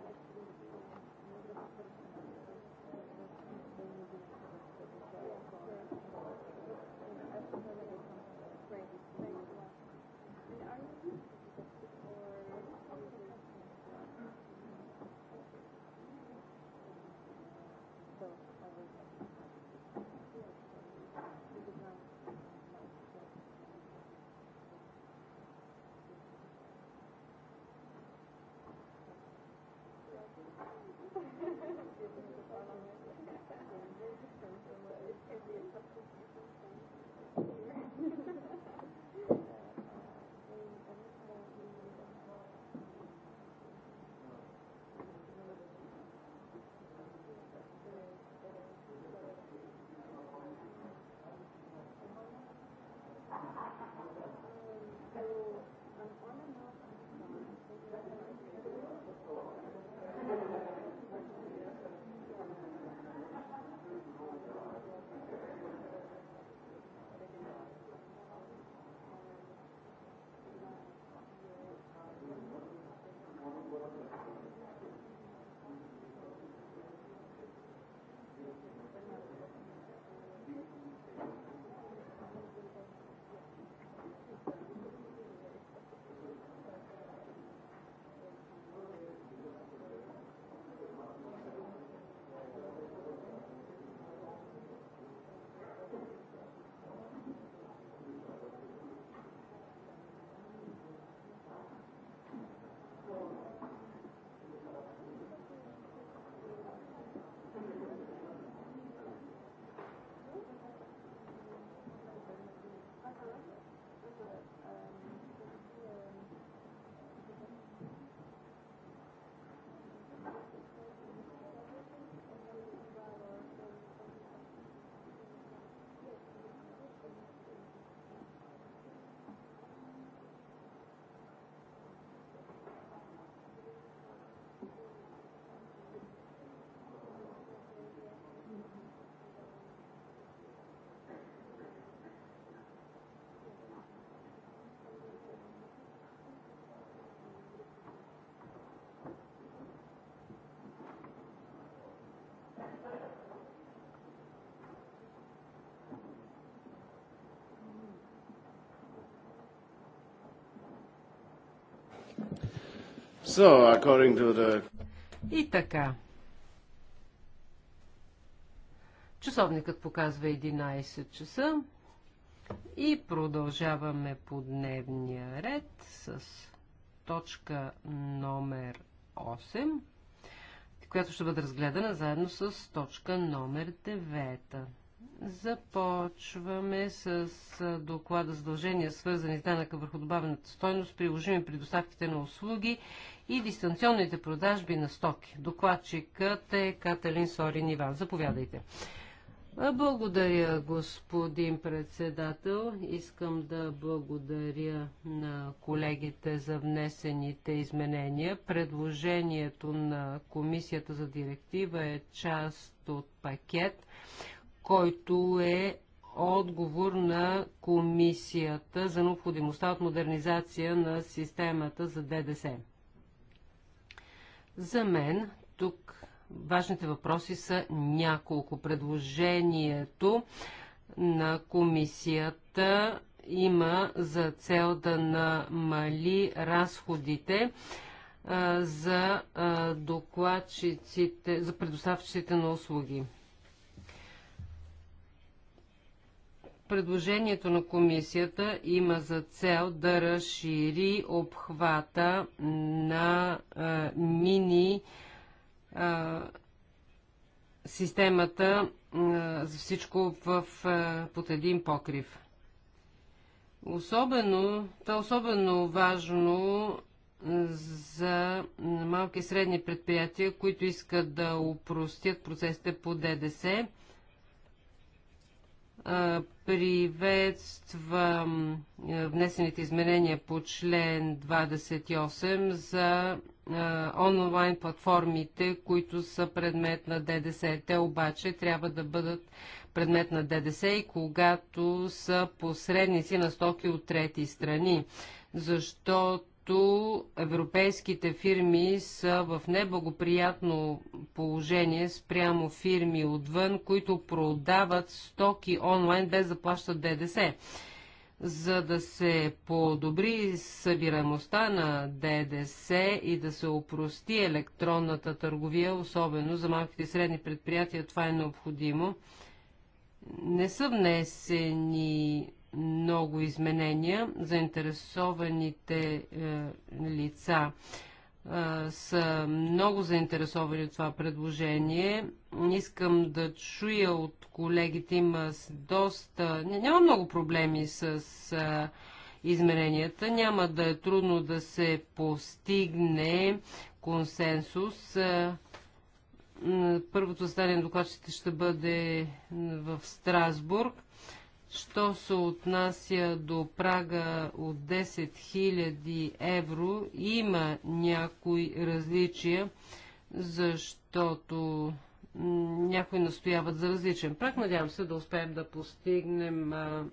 So, according to the... И така. Часовникът показва 11 часа и продължаваме по дневния ред с точка номер 8, която ще бъде разгледана заедно с точка номер 9. Започваме с доклада задължения, свързани с данъка върху добавената стойност, приложими при доставките на услуги и дистанционните продажби на стоки. Докладчикът е Каталин Сорин Иван. Заповядайте. Благодаря, господин председател. Искам да благодаря на колегите за внесените изменения. Предложението на Комисията за директива е част от пакет който е отговор на комисията за необходимостта от модернизация на системата за ДДС. За мен тук важните въпроси са няколко. Предложението на комисията има за цел да намали разходите за докладчиците, за предоставчиците на услуги. Предложението на комисията има за цел да разшири обхвата на а, мини а, системата а, за всичко в, а, под един покрив. Особено, то е особено важно за малки и средни предприятия, които искат да упростят процесите по ДДС Приветствам внесените изменения по член 28 за онлайн платформите, които са предмет на ДДС. Те обаче трябва да бъдат предмет на ДДС и когато са посредници на стоки от трети страни, защото като европейските фирми са в неблагоприятно положение спрямо фирми отвън, които продават стоки онлайн без да плащат ДДС. За да се подобри събираемостта на ДДС и да се опрости електронната търговия, особено за малките и средни предприятия, това е необходимо. Не са внесени много изменения. Заинтересованите е, лица е, са много заинтересовани от това предложение. Искам да чуя от колегите, има доста... Няма много проблеми с е, измененията. Няма да е трудно да се постигне консенсус. Първото стане докладчите ще бъде в Страсбург. Що се отнася до прага от 10 000 евро, има някои различия, защото някои настояват за различен прак. Надявам се да успеем да постигнем а,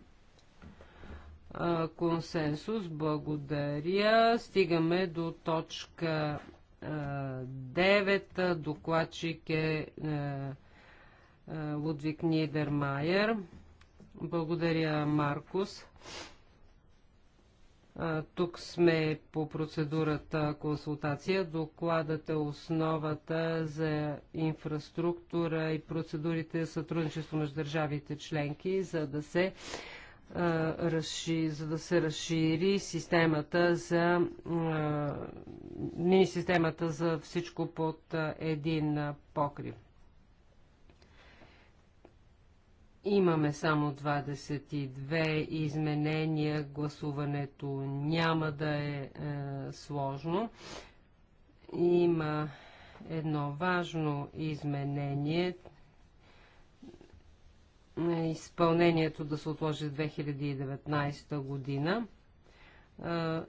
а, консенсус. Благодаря. Стигаме до точка а, 9. Докладчик е Лудвик Нидермайер. Благодаря, Маркус. Тук сме по процедурата консултация. Докладът е основата за инфраструктура и процедурите за сътрудничество между държавите членки, за да се за да се разшири системата за мини системата за всичко под един покрив. Имаме само 22 изменения, гласуването няма да е, е сложно. Има едно важно изменение. Изпълнението да се отложи 2019 година. Е,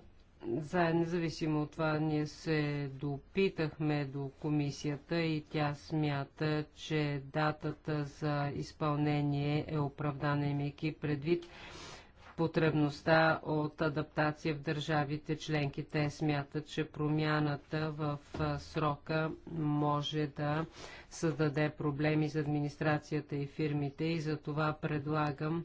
за, независимо от това, ние се допитахме до комисията и тя смята, че датата за изпълнение е оправдана, имайки предвид потребността от адаптация в държавите членки. Те смятат, че промяната в срока може да създаде проблеми за администрацията и фирмите и за това предлагам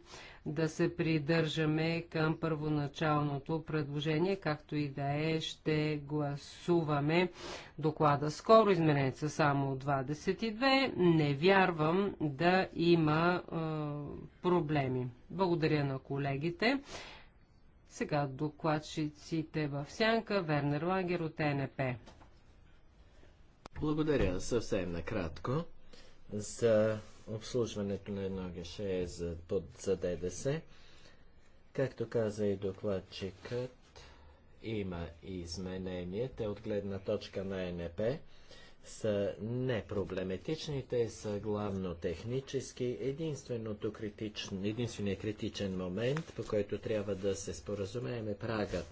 да се придържаме към първоначалното предложение, както и да е, ще гласуваме доклада скоро. Изменени са само 22. Не вярвам да има е, проблеми. Благодаря на колегите. Сега докладчиците в сянка. Вернер Лагер от ЕНП. Благодаря съвсем накратко за обслужването на едно геше е за, под, за ДДС. Както каза и докладчикът, има изменения. Те от гледна точка на НП са непроблематични, те са главно технически. Единственото критичен, единственият критичен момент, по който трябва да се споразумеем е прагът.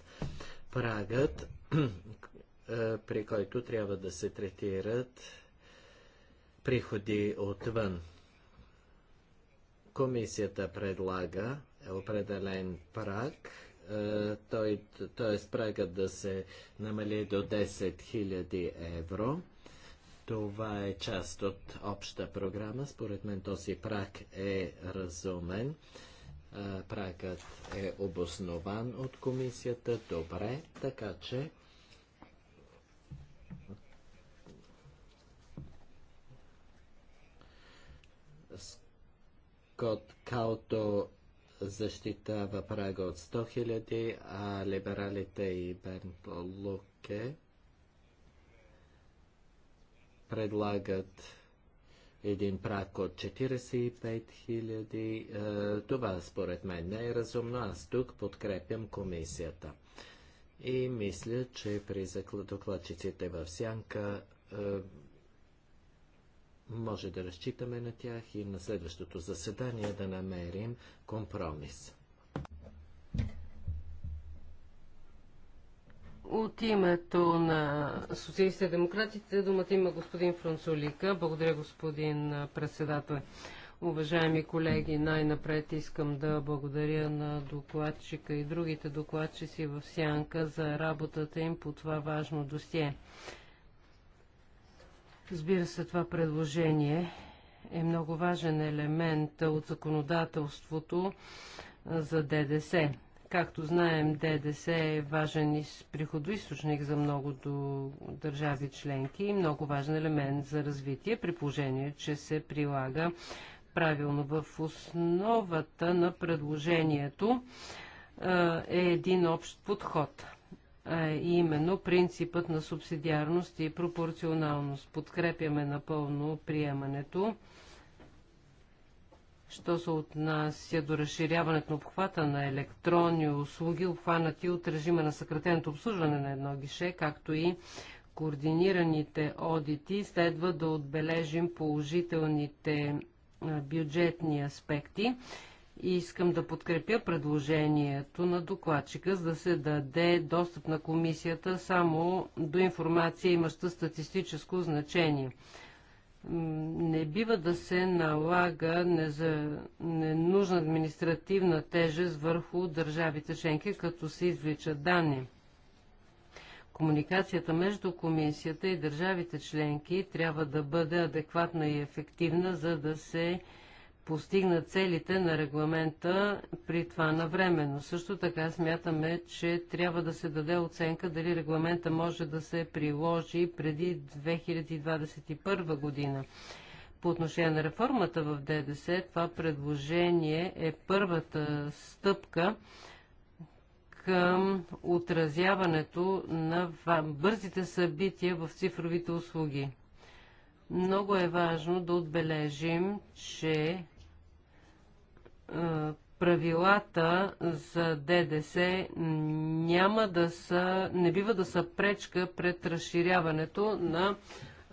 Прагът, <clears throat> при който трябва да се третират приходи отвън. Комисията предлага определен праг, е, т.е. прагът да се намали до 10 000 евро. Това е част от обща програма. Според мен този праг е разумен. Е, прагът е обоснован от комисията. Добре, така че код Калто защитава прага от 100 000, а либералите и Бернт Луке предлагат един прак от 45 000. Е, това според мен не е разумно. Аз тук подкрепям комисията. И мисля, че при докладчиците в Сянка е, може да разчитаме на тях и на следващото заседание да намерим компромис. От името на социалистите и демократите думата има господин Франсулика. Благодаря господин председател. Уважаеми колеги, най-напред искам да благодаря на докладчика и другите докладчици в Сянка за работата им по това важно досие. Разбира се, това предложение е много важен елемент от законодателството за ДДС. Както знаем, ДДС е важен приходоисточник за много държави членки и много важен елемент за развитие, при положение, че се прилага правилно. В основата на предложението е един общ подход – и именно принципът на субсидиарност и пропорционалност. Подкрепяме напълно приемането. Що се отнася до разширяването на обхвата на електронни услуги, обхванати от режима на съкратеното обслужване на едно гише, както и координираните одити, следва да отбележим положителните бюджетни аспекти и искам да подкрепя предложението на докладчика, за да се даде достъп на комисията само до информация, имаща статистическо значение. Не бива да се налага неза... ненужна административна тежест върху държавите членки, като се извличат данни. Комуникацията между комисията и държавите членки трябва да бъде адекватна и ефективна, за да се постигнат целите на регламента при това навременно. Също така смятаме, че трябва да се даде оценка дали регламента може да се приложи преди 2021 година. По отношение на реформата в ДДС, това предложение е първата стъпка към отразяването на бързите събития в цифровите услуги. Много е важно да отбележим, че е, правилата за ДДС няма да са, не бива да са пречка пред разширяването на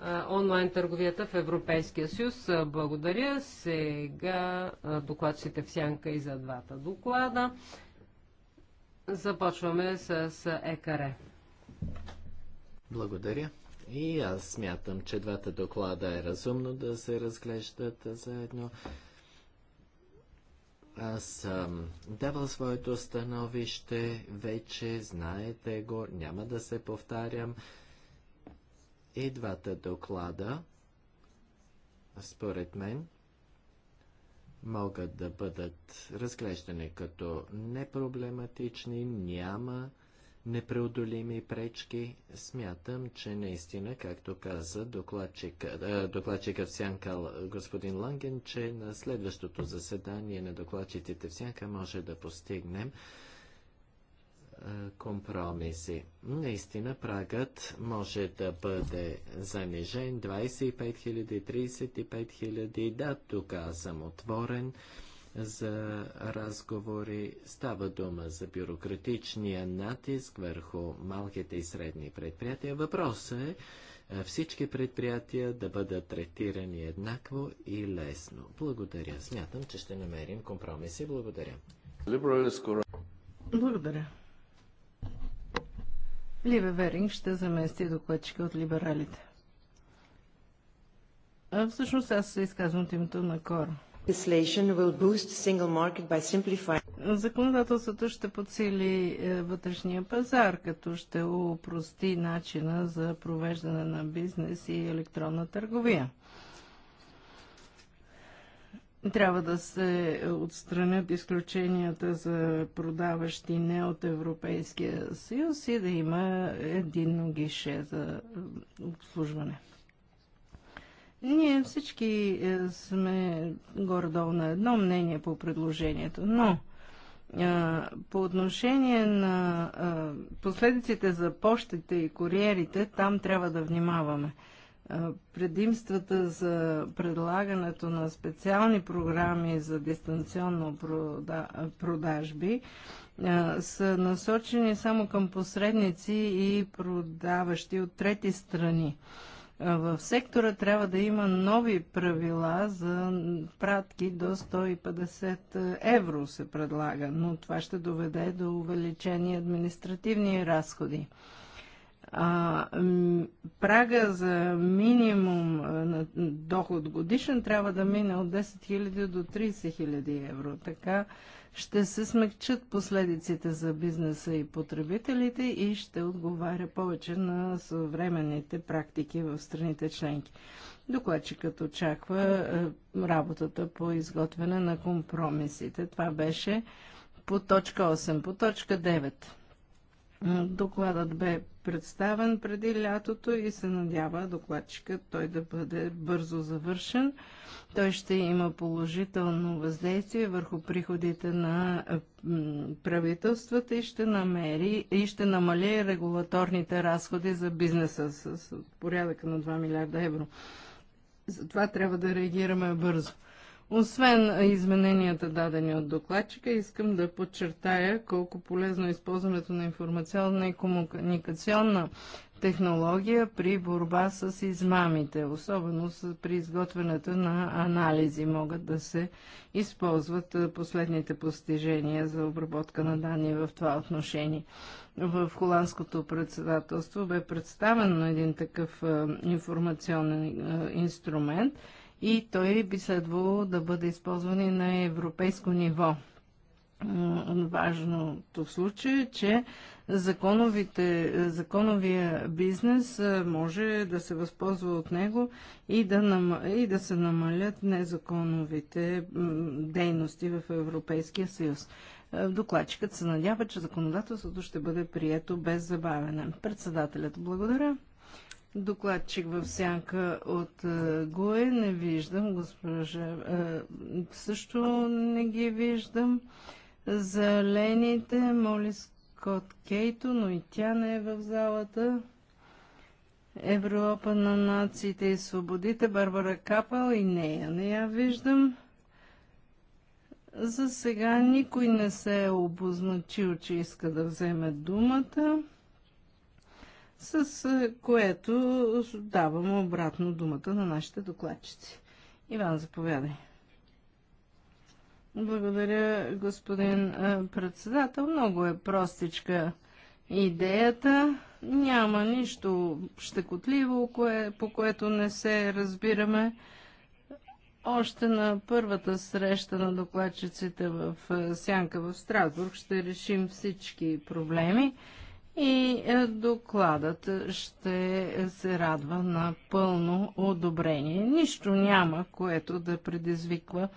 е, онлайн търговията в Европейския съюз. Благодаря. Сега е, докладчите в сянка и за двата доклада. Започваме с ЕКАРЕ. Благодаря. И аз смятам, че двата доклада е разумно да се разглеждат заедно. Аз съм давал своето становище, вече знаете го, няма да се повтарям. И двата доклада, според мен, могат да бъдат разглеждани като непроблематични, няма непреодолими пречки. Смятам, че наистина, както каза докладчика, э, докладчика в Сянка господин Ланген, че на следващото заседание на докладчиците в Сянка може да постигнем э, компромиси. Наистина прагът може да бъде занижен 25 000, 35 000. Да, тук съм отворен за разговори. Става дума за бюрократичния натиск върху малките и средни предприятия. Въпросът е всички предприятия да бъдат третирани еднакво и лесно. Благодаря. Смятам, че ще намерим компромиси. Благодаря. Благодаря. Либе Веринг ще замести докладчика от либералите. А всъщност аз се изказвам от името на Кора. Законодателството ще подсили е, вътрешния пазар, като ще упрости начина за провеждане на бизнес и електронна търговия. Трябва да се отстранят изключенията за продаващи не от Европейския съюз и да има един гише за е, обслужване. Ние всички е, сме горе-долу на едно мнение по предложението, но е, по отношение на е, последиците за почтите и куриерите, там трябва да внимаваме. Предимствата за предлагането на специални програми за дистанционно продажби са насочени само към посредници и продаващи от трети страни. В сектора трябва да има нови правила за пратки до 150 евро се предлага, но това ще доведе до увеличени административни разходи. А, прага за минимум на доход годишен трябва да мине от 10 000 до 30 000 евро. Така ще се смекчат последиците за бизнеса и потребителите и ще отговаря повече на съвременните практики в страните членки. Докладчикът очаква е, работата по изготвяне на компромисите. Това беше по точка 8. По точка 9. Докладът бе представен преди лятото и се надява докладчикът той да бъде бързо завършен. Той ще има положително въздействие върху приходите на правителствата и ще, намери, и ще намали регулаторните разходи за бизнеса с, с порядъка на 2 милиарда евро. Затова трябва да реагираме бързо. Освен измененията дадени от докладчика, искам да подчертая колко полезно е използването на информационна и комуникационна технология при борба с измамите, особено при изготвянето на анализи могат да се използват последните постижения за обработка на данни в това отношение. В холандското председателство бе представен един такъв информационен инструмент – и той би следвало да бъде използван и на европейско ниво. Важното в случая е, че законовите, законовия бизнес може да се възползва от него и да, нам, и да се намалят незаконовите дейности в Европейския съюз. Докладчикът се надява, че законодателството ще бъде прието без забавене. Председателят благодаря докладчик в сянка от е, ГУЕ. Не виждам госпожа. Е, също не ги виждам. Зелените, моли Скот Кейто, но и тя не е в залата. Европа на нациите и свободите, Барбара Капал и нея не я виждам. За сега никой не се е обозначил, че иска да вземе думата с което давам обратно думата на нашите докладчици. Иван, заповядай. Благодаря, господин председател. Много е простичка идеята. Няма нищо щекотливо, кое, по което не се разбираме. Още на първата среща на докладчиците в Сянка в Страсбург ще решим всички проблеми и е, докладът ще се радва на пълно одобрение. Нищо няма, което да предизвиква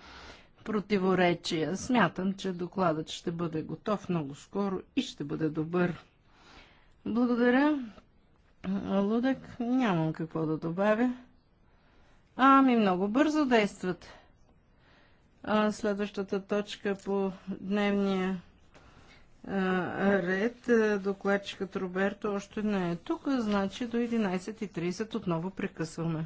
противоречия. Смятам, че докладът ще бъде готов много скоро и ще бъде добър. Благодаря. Лудък, нямам какво да добавя. Ами много бързо действат. А, следващата точка по дневния ред. Докладчикът Роберто още не е тук, значи до 11.30 отново прекъсваме.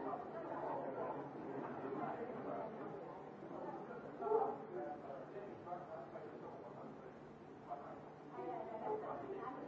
Thank you.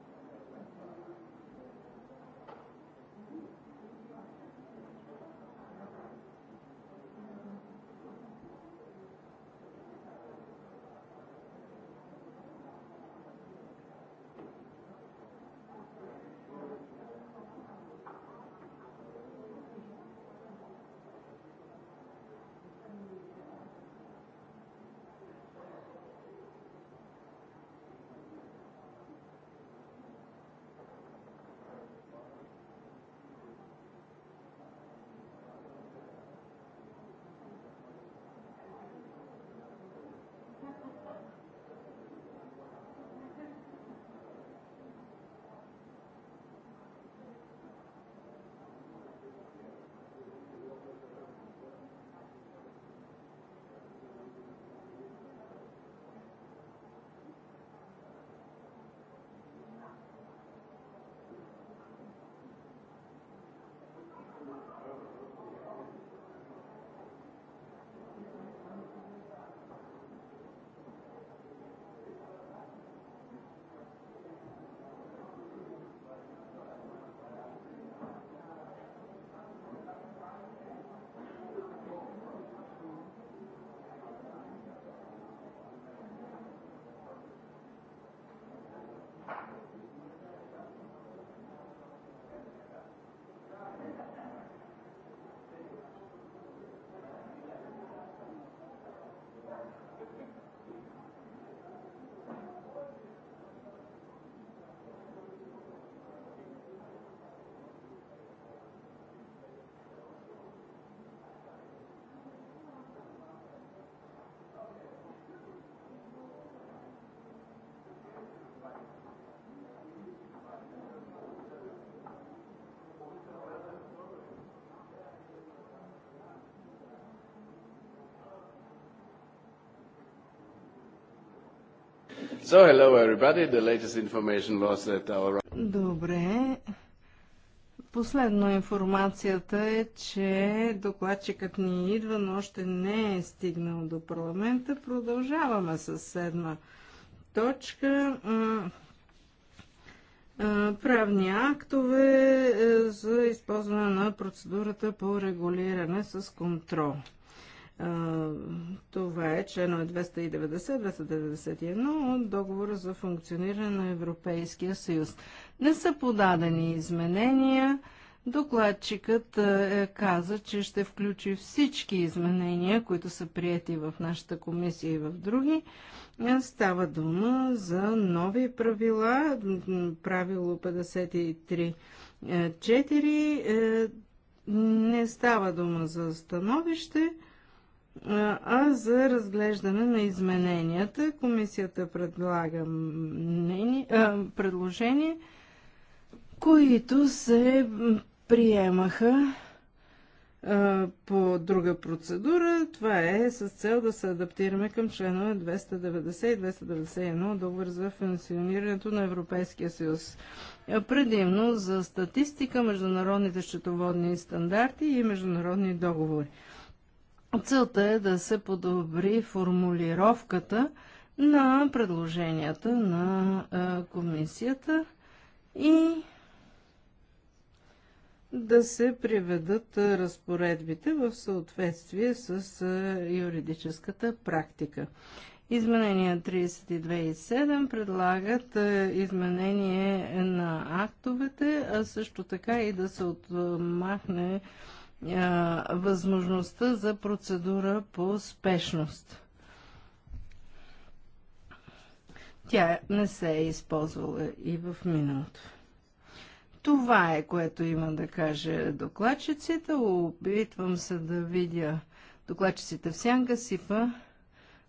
So, hello everybody. The latest information was that our... Добре. Последно е информацията е, че докладчикът ни идва, но още не е стигнал до парламента. Продължаваме с седма точка. Правни актове е, за използване на процедурата по регулиране с контрол. Това е члено 290-291 от договора за функциониране на Европейския съюз. Не са подадени изменения. Докладчикът е, каза, че ще включи всички изменения, които са прияти в нашата комисия и в други. Става дума за нови правила, правило 53.4. Е, е, не става дума за становище. А за разглеждане на измененията, комисията предлага мнение, а, предложение, които се приемаха а, по друга процедура. Това е с цел да се адаптираме към членове 290 и 291 договор за функционирането на Европейския съюз. Предимно за статистика, международните счетоводни стандарти и международни договори. Целта е да се подобри формулировката на предложенията на комисията и да се приведат разпоредбите в съответствие с юридическата практика. Изменения 32 и 7 предлагат изменение на актовете, а също така и да се отмахне възможността за процедура по спешност. Тя не се е използвала и в миналото. Това е, което има да каже докладчиците. Опитвам се да видя докладчиците в сянка сипа.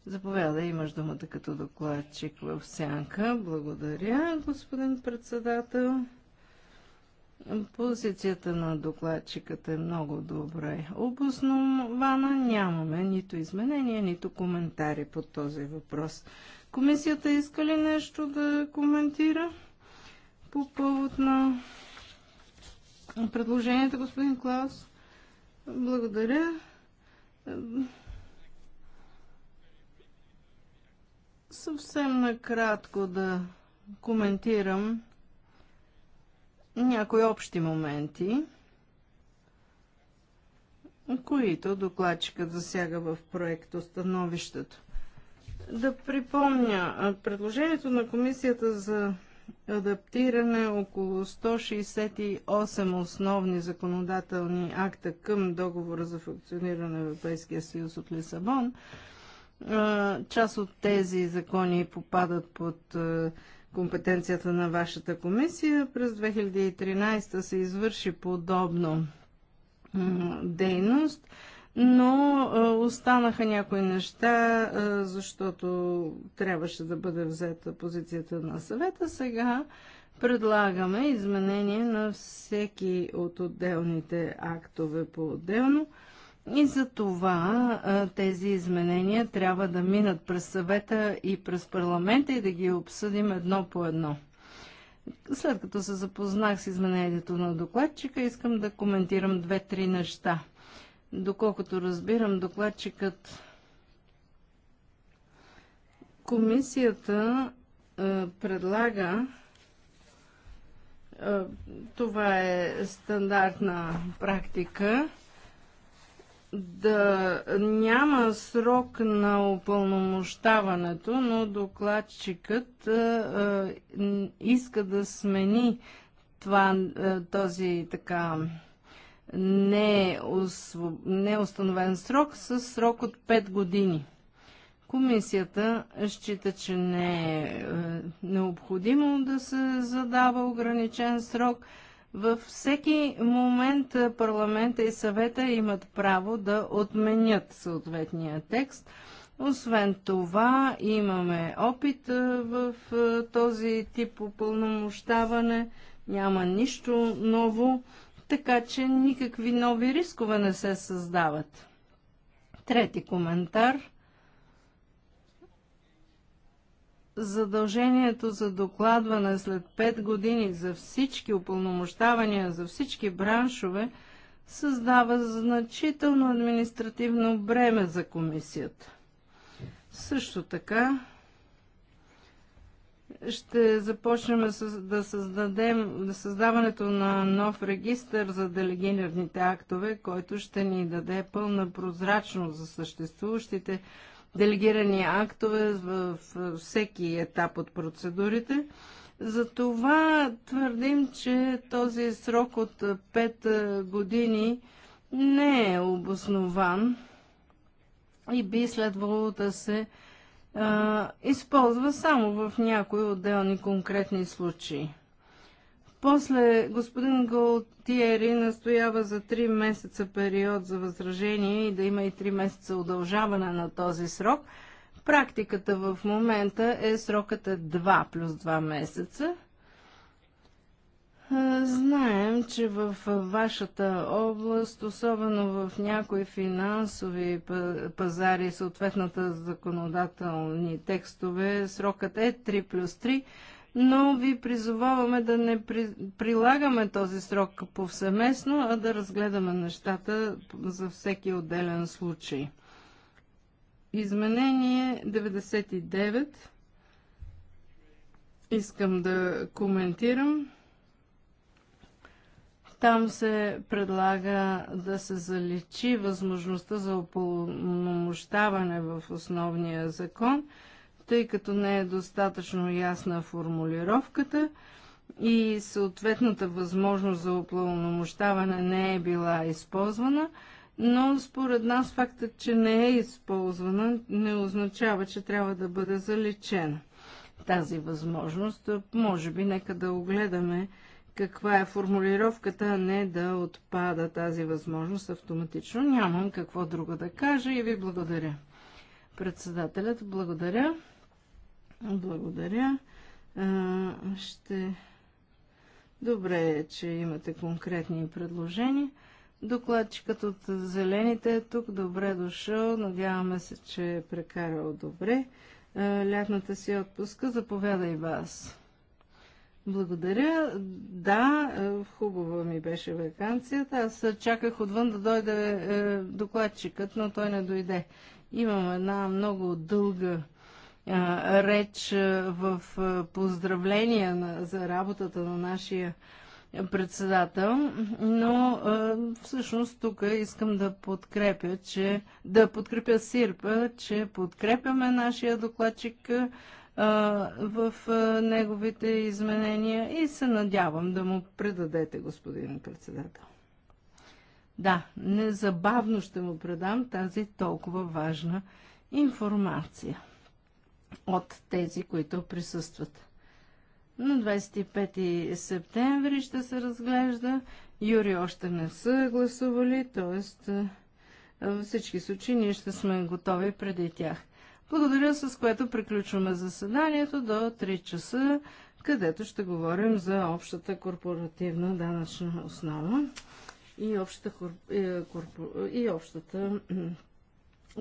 Заповядай, имаш думата като докладчик в сянка. Благодаря, господин председател. Позицията на докладчиката е много добре обоснована. Нямаме нито изменения, нито коментари по този въпрос. Комисията иска ли нещо да коментира по повод на предложението, господин Клаус? Благодаря. Съвсем накратко да коментирам някои общи моменти, които докладчикът засяга в проекта становището. Да припомня, предложението на комисията за адаптиране около 168 основни законодателни акта към договора за функциониране на Европейския съюз от Лисабон. Част от тези закони попадат под компетенцията на вашата комисия. През 2013 се извърши подобно дейност, но останаха някои неща, защото трябваше да бъде взета позицията на съвета. Сега предлагаме изменение на всеки от отделните актове по-отделно. И за това тези изменения трябва да минат през съвета и през парламента и да ги обсъдим едно по едно. След като се запознах с изменението на докладчика, искам да коментирам две-три неща. Доколкото разбирам, докладчикът комисията е, предлага е, това е стандартна практика да няма срок на упълномощаването, но докладчикът иска да смени това, този така неустановен срок с срок от 5 години. Комисията счита, че не е необходимо да се задава ограничен срок – във всеки момент парламента и съвета имат право да отменят съответния текст. Освен това, имаме опит в този тип опълномощаване. Няма нищо ново, така че никакви нови рискове не се създават. Трети коментар. задължението за докладване след 5 години за всички упълномощавания, за всички браншове, създава значително административно бреме за комисията. Също така ще започнем да създадем да създаването на нов регистр за делегираните актове, който ще ни даде пълна прозрачност за съществуващите делегирани актове в всеки етап от процедурите. Затова твърдим, че този срок от 5 години не е обоснован и би следвало да се а, използва само в някои отделни конкретни случаи. После господин Голтиери настоява за 3 месеца период за възражение и да има и 3 месеца удължаване на този срок. Практиката в момента е срокът е 2 плюс 2 месеца. Знаем, че в вашата област, особено в някои финансови пазари, съответната законодателни текстове, срокът е 3 плюс 3 но ви призоваваме да не при, прилагаме този срок повсеместно, а да разгледаме нещата за всеки отделен случай. Изменение 99. Искам да коментирам. Там се предлага да се заличи възможността за упълномощаване в основния закон – тъй като не е достатъчно ясна формулировката и съответната възможност за оплълномощаване не е била използвана, но според нас фактът, че не е използвана, не означава, че трябва да бъде залечена тази възможност. Може би нека да огледаме каква е формулировката, а не да отпада тази възможност автоматично. Нямам какво друго да кажа и ви благодаря. Председателят, благодаря. Благодаря. Ще... Добре е, че имате конкретни предложения. Докладчикът от Зелените е тук. Добре дошъл. Надяваме се, че е прекарал добре лятната си отпуска. Заповядай вас. Благодаря. Да, хубава ми беше вакансията. Аз чаках отвън да дойде е, докладчикът, но той не дойде. Имам една много дълга реч в поздравления на, за работата на нашия председател, но всъщност тук искам да подкрепя, че да подкрепя Сирпа, че подкрепяме нашия докладчик в неговите изменения и се надявам да му предадете, господин председател. Да, незабавно ще му предам тази толкова важна информация от тези, които присъстват. На 25 септември ще се разглежда. Юри още не са гласували, т.е. във всички случаи ние ще сме готови преди тях. Благодаря, с което приключваме заседанието до 3 часа, където ще говорим за общата корпоративна данъчна основа и общата, е, корп... и общата